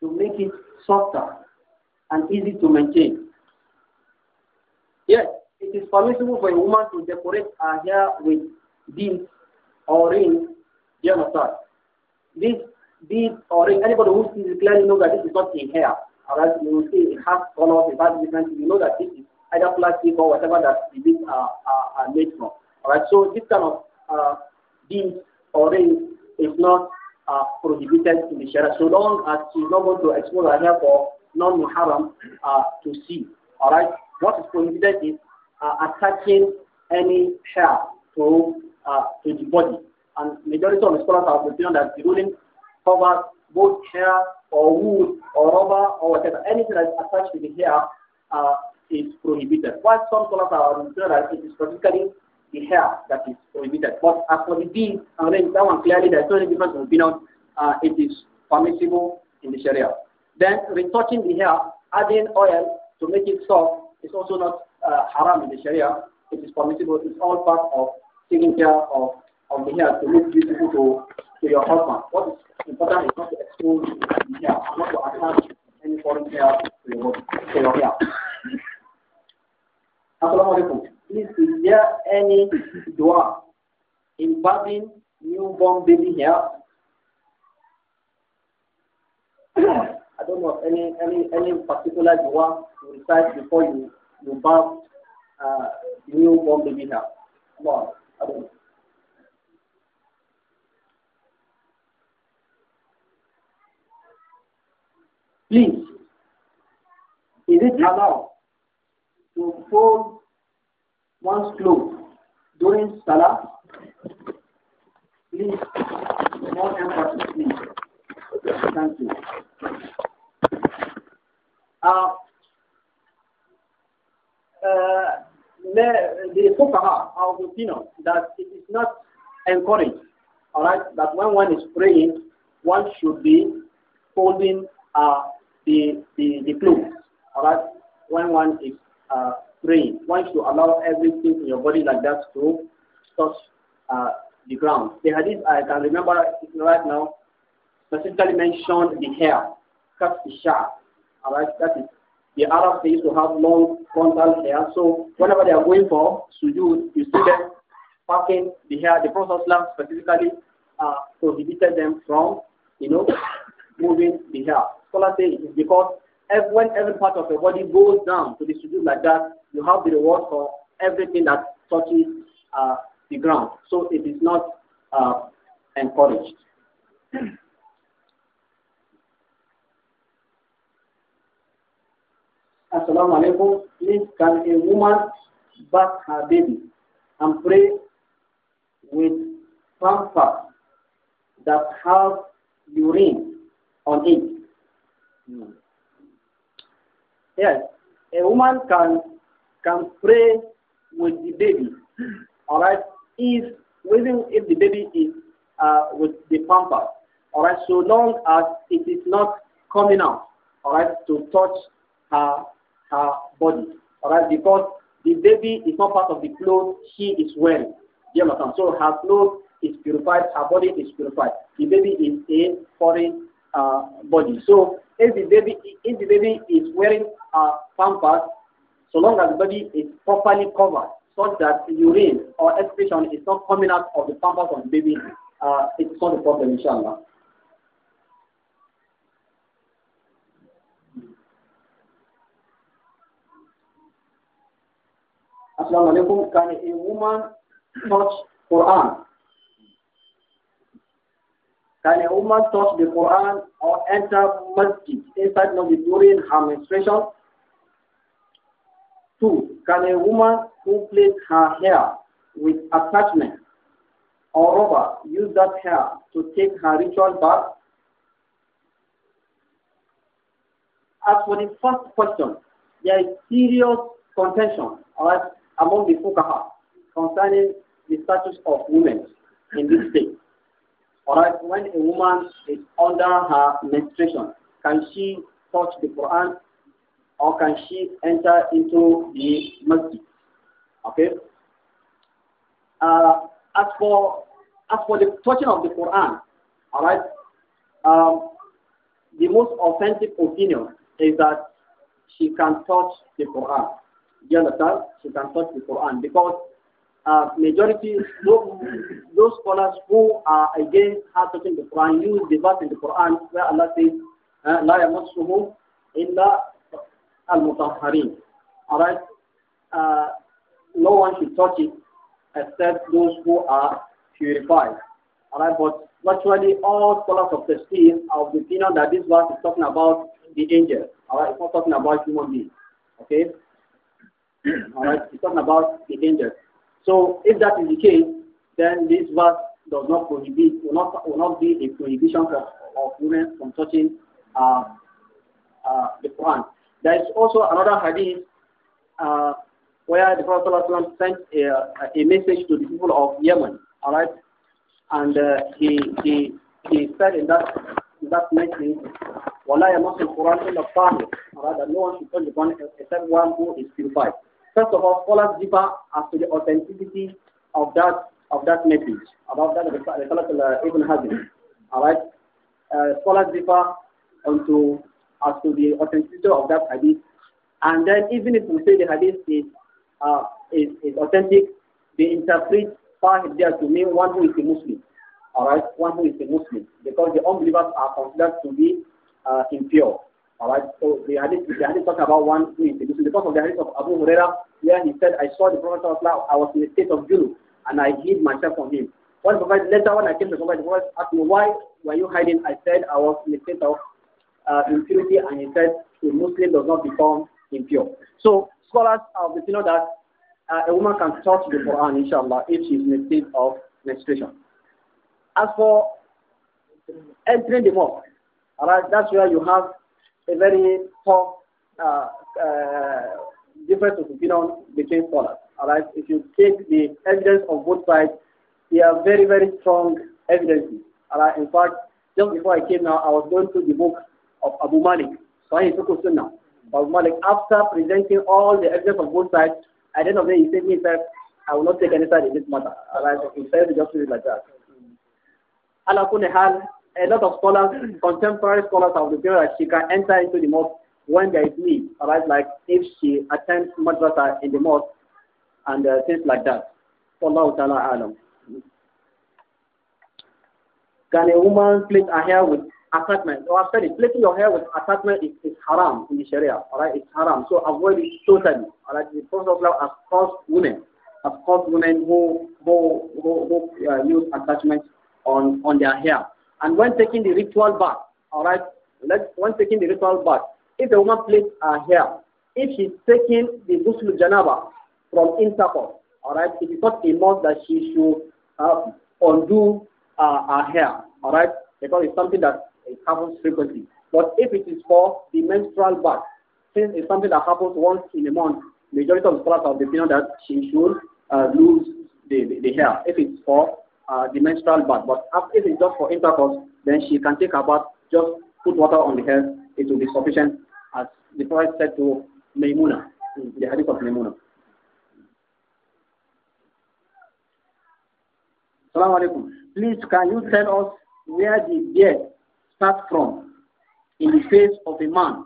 to make it softer and easy to maintain? Yes, it is permissible for a woman to decorate her hair with beads or rings, you this big or anybody who sees it clearly know that this is not in hair. Alright, you will see it has colors, it has different, you know that this is either plastic or whatever that the beads are, are, are made from. Alright, so this kind of uh, beads or rings is not uh, prohibited in the Sharia, so long as she's not going to expose her hair for non-muharram uh, to see. Alright, what is prohibited is uh, attaching any hair to, uh, to the body and majority of the scholars have the opinion that the ruling covers both hair or wool or rubber or whatever, anything that is attached to the hair uh, is prohibited. While some scholars are of opinion that it is specifically the hair that is prohibited. But as for the bees and then that one clearly there's no difference in opinion. Uh, it is permissible in the Sharia. Then retouching the hair, adding oil to make it soft is also not uh, haram in the Sharia. It is permissible. It's all part of taking care of on behalf to make these people to, to your husband. What is important is not to expose here, not to attach any foreign hair to your, to your hair. Assalamu Please, is there any dua in bathing newborn baby hair? I don't know any any any particular dua you recite before you you bath uh, newborn baby hair. on, I don't know. Please, is it allowed to fold one's clothes during Salah? Please, more emphasis, please. Thank you. Ah, uh, uh, the Fuqaha are of opinion that it is not encouraged, all right, that when one is praying, one should be folding uh, the, the, the flow All right? When one is uh, praying, one should allow everything in your body like that to touch uh, the ground. The hadith I can remember right now specifically mentioned the hair, cut the sharp. All right? That is the Arabs they used to have long frontal hair. So whenever they are going for sujood, you see them parking the hair. The Prophet specifically uh, prohibited them from, you know, moving the hair. Scholars say it is because when every part of your body goes down to distribute like that, you have the reward for everything that touches uh, the ground. So it is not uh, encouraged. Assalamu alaikum. Please, can a woman bath her baby and pray with pampers that have urine on it? Yes, a woman can can pray with the baby. All right, if even if the baby is uh, with the pamper. All right, so long as it is not coming out. All right, to touch her her body. All right, because the baby is not part of the clothes she is wearing. So her clothes is purified, her body is purified. The baby is a foreign uh, body. So if the baby if the baby is wearing a pampers, so long as the baby is properly covered, such that urine or excretion is not coming out of the pampers of the baby, uh, it's not a problem, inshallah. Assalamu alaikum. Can a woman touch Quran can a woman touch the Quran or enter masjid inside masjid during her menstruation? Two, can a woman who her hair with attachment or rubber use that hair to take her ritual bath? As for the first question, there is serious contention among the Fukaha concerning the status of women in this state. Alright, when a woman is under her menstruation, can she touch the Quran or can she enter into the masjid? Okay. Uh, as for as for the touching of the Quran, all right, um, the most authentic opinion is that she can touch the Quran. Do you understand? She can touch the Quran because uh, majority, those, those scholars who are against her touching the Quran use the verse in the Quran where Allah says, لا يمسه إلا المطهرين. Alright? Uh, no one should touch it except those who are purified. Alright, but virtually all scholars of the scene are of the opinion that this verse is talking about the angel. Alright, it's not talking about human beings. Okay? Alright, it's talking about the angels. So if that is the case, then this verse does not prohibit, will not, will not be a prohibition of, of women from touching uh, uh, the Quran. There is also another hadith uh, where the Prophet ﷺ sent a, a message to the people of Yemen, all right? And uh, he, he, he said in that, in that message, وَلَا يَمَسُ الْقُرْآنِ إِلَّا الطَّاهِرُ That no one should touch the Quran except one who is purified. First of all, scholars differ as to the authenticity of that of that message. About that, the Salat uh, Ibn Hazm. All right. Uh, scholars differ onto as to the authenticity of that hadith. And then even if we say the hadith is uh, is, is authentic, they interpret Sahib there to mean one who is a Muslim. All right, one who is a Muslim, because the unbelievers are considered to be uh, impure. Alright, so the hadith, the hadith talks about one thing. seducing. Because of the hadith of Abu Huraira, where he said, I saw the Prophet, of I was in a state of junub, and I hid myself from him. One Prophet, later when I came to the Prophet, the Prophet asked me, why were you hiding? I said, I was in a state of uh, impurity, and he said, a Muslim does not become impure. So scholars have to know that uh, a woman can touch the Quran, inshallah, if she is in a state of menstruation. As for entering the mosque, alright, that's where you have a very tough uh, uh, difference of opinion between scholars. All right, if you take the evidence of both sides, they are very, very strong evidences. All right, in fact, just before I came now, I was going through the book of Abu Malik, Sahih Fiqh Sunnah. Abu Malik, after presenting all the evidence of both sides, at the end of the day, he said to himself, I will not take any side in this matter. All right, he said just like that. Ala a lot of scholars, contemporary scholars have declared that she can enter into the mosque when there is need, alright, like if she attends madrasa in the mosque and uh, things like that. Wallahu ta'ala alam. Can a woman plait her hair with attachment? Or oh, I've said it, plaiting your hair with attachment is, is haram in the Sharia, alright, it's haram. So avoid it totally, alright. The Prophet of Allah has caused women, has caused women who, who, who, who uh, use attachment on, on their hair. And when taking the ritual bath, all right, let's, when taking the ritual bath, if a woman plaits her hair, if she's taking the ghusl janaba from intercourse, all right, it is not a month that she should uh, undo uh, her hair, all right, because it's something that it happens frequently. But if it is for the menstrual bath, since it's something that happens once in a month, majority of scholars are the opinion that she should uh, lose the, the, the hair if it's for uh, the menstrual bath. But if it's just for intercourse, then she can take her bath, just put water on the head, it will be sufficient, as the Prophet said to Maimuna, mm, the hadith of Maimuna. Salaam alaikum. Please, can you tell us where the beard starts from in the face of a man?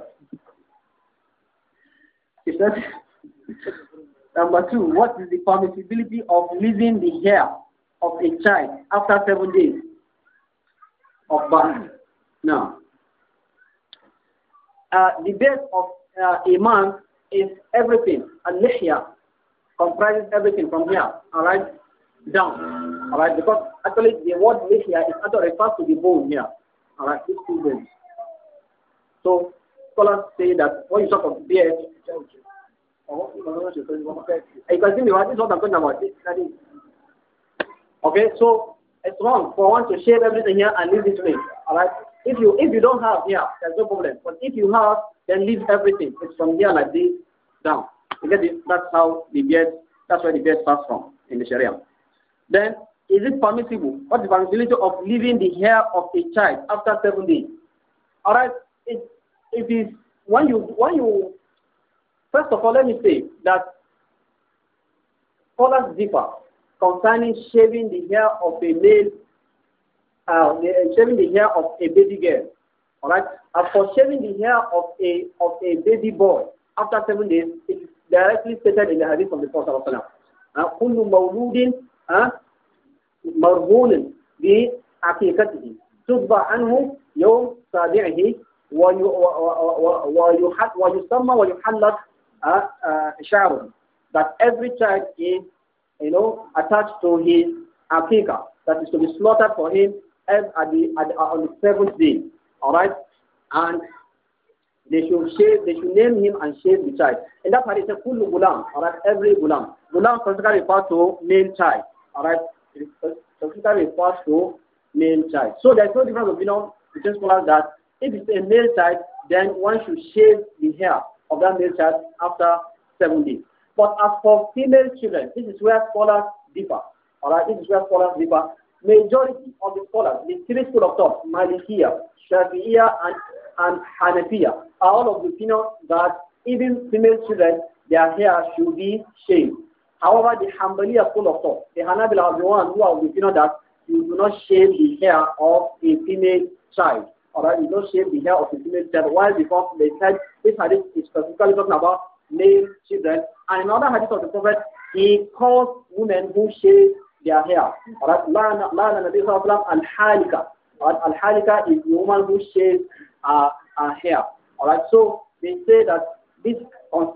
Is that Number two, what is the permissibility of leaving the hair of a child after seven days of birth? Now, uh, the base of uh, a man is everything. Al-lihya comprises everything from here, all right, down, all right, because actually the word lihya is actually refers to the bone here, all right, these two bones. So scholars say that when you talk of beard, Okay, so it's wrong for one to share everything here and leave this way. Alright? If you if you don't have here, yeah, there's no problem. But if you have, then leave everything. It's from here like this down. You get it? That's how the beard that's where the beard starts from in the Sharia. Then is it permissible? What is the possibility of leaving the hair of a child after seven days? Alright, it it is when you when you First of all, let me say that scholars differ concerning shaving the hair of a male, uh, shaving the hair of a baby girl. All right. As for shaving the hair of a of a baby boy after seven days, it is directly stated in the hadith of the Prophet of Islam. كل مولود مرهون بعقيقته تتبع عنه يوم سابعه ويسمى ويحلق uh, uh, that every child is, you know, attached to his akika, that is to be slaughtered for him at the, at the, on the seventh day. All right, and they should shave, they should name him and shave the child. And that's part is a full gulam, all right, every gulam. Gulam specifically refers to male child, all right, it specifically refers to male child. So there's no difference of, you know, between scholars that if it's a male child, then one should shave the hair of that male child after seven days. But as for female children, this is where scholars differ. All right, this is where scholars differ. Majority of the scholars, the three school of thought, Malikiya, Shafi'iyya, and, and Hanafiya, are all of the opinion that even female children, their hair should be shaved. However, the Hanbaliya school of thought, the Hanabila are the ones who are of the opinion that you do not shave the hair of a female child. Alright, you don't shave the hair of a female child. Why? Because they said this hadith is specifically talking about male children. And another hadith of the Prophet, he calls women who shave their hair. Alright, Lana Nabi Al-Halika. Al-Halika is the woman who shaves her, her hair. Alright, so they say that this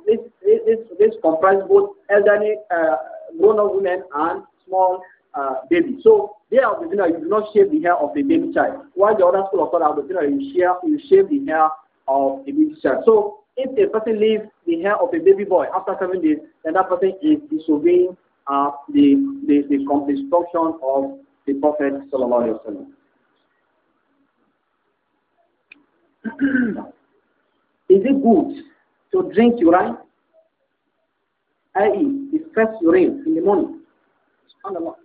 this this, this comprises both elderly uh, grown-up women and small uh, baby. So there are you know you do not shave the hair of the baby child. While the other school of thought of you share you shave the hair of the baby child. So if a person leaves the hair of a baby boy after seven days, then that person is disobeying uh, the, the, the instruction of the Prophet Sallallahu Alaihi Wasallam. is it good to drink urine, i.e., the first urine in the morning? SubhanAllah.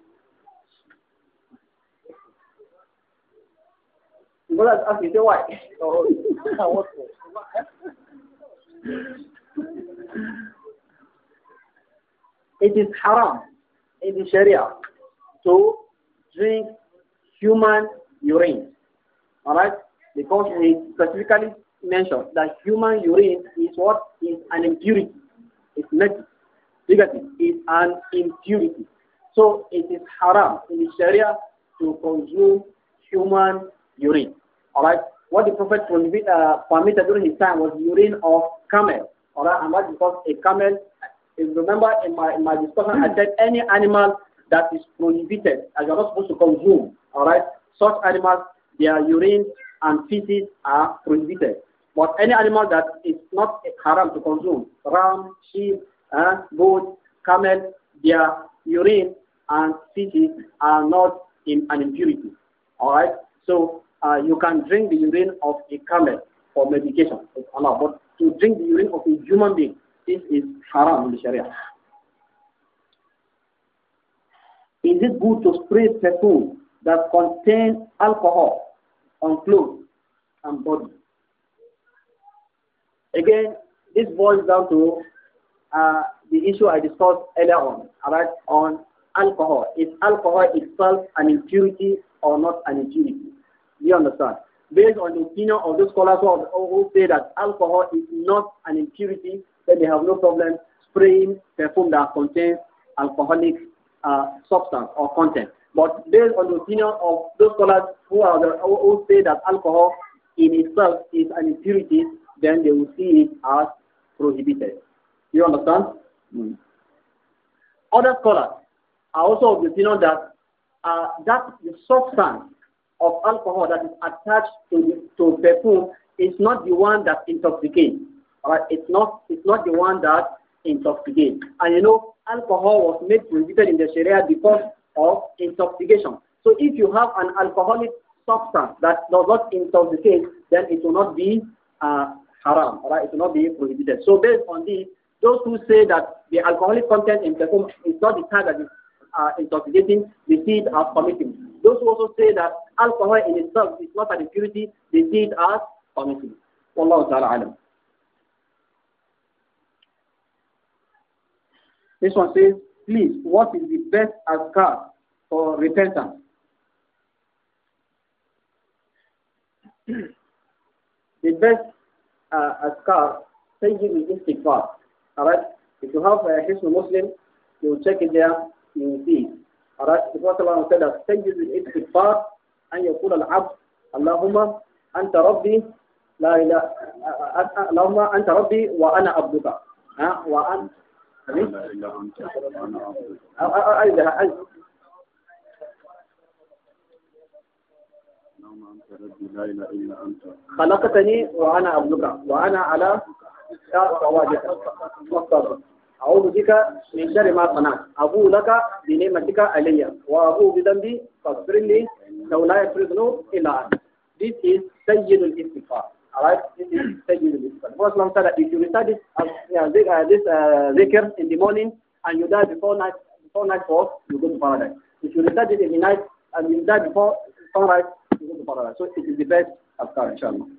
It is haram in the Sharia to drink human urine. Alright? Because it specifically mentioned that human urine is what is an impurity. It's negative. It's an impurity. So it is haram in the Sharia to consume human urine. Alright? What the Prophet prohibit, uh, permitted during his time was urine of camel. Alright? And that's because a camel, if remember in my, in my discussion, I said any animal that is prohibited, as you're not supposed to consume. Alright? Such animals, their urine and feces are prohibited. But any animal that is not haram to consume, ram, sheep, uh, goat, camel, their urine and feces are not in an impurity. All right. So uh, you can drink the urine of a camel for medication. It's allowed. But to drink the urine of a human being, this is haram in the Sharia. Is it good to spray perfume that contains alcohol on clothes and body? Again, this boils down to uh, the issue I discussed earlier on, about on alcohol. Is alcohol itself an impurity or not an impurity? You understand? Based on the opinion of those scholars who, who say that alcohol is not an impurity, then they have no problem spraying perfume that contains alcoholic uh, substance or content. But based on the opinion of those scholars who, are the, who say that alcohol in itself is an impurity, then they will see it as prohibited. You understand? Mm. Other scholars are also of the opinion that uh, that the substance of alcohol that is attached to, to perfume is not the one that intoxicates. Right? It's not it's not the one that intoxicates. And you know, alcohol was made prohibited in the Sharia because of intoxication. So if you have an alcoholic substance that does not intoxicate, then it will not be uh, haram, right? It will not be prohibited. So based on this, those who say that the alcoholic content in perfume is not the type that is uh, intoxicating, they see it as those who also say that alcohol in itself is not an impurity, they see it as permissible. Wallahu ta'ala alam. This one says, please, what is the best askar for repentance? the best uh, azkar, you, is istighfar. Alright? If you have a uh, Muslim, you check it there, you will see أراد الله وسلم سيد الاستغفار أن يقول العبد اللهم أنت ربي لا إله اللهم أنت ربي وأنا عبدك ها وأن خلقتني وأنا عبدك وأنا على أعوذ بك من شر ما صنعت أبو لك بنعمتك علي وأبو بذنبي فاغفر لي لو لا يغفر الذنوب إلا This is the الاستغفار Alright, this is سيد الاستغفار Muslim said that if you recite this, uh, yeah, this, uh, this uh, in the morning and you die before night before nightfall, you go to paradise. If you recite it in the night and you die before sunrise, you go to paradise. So it is the best after inshallah.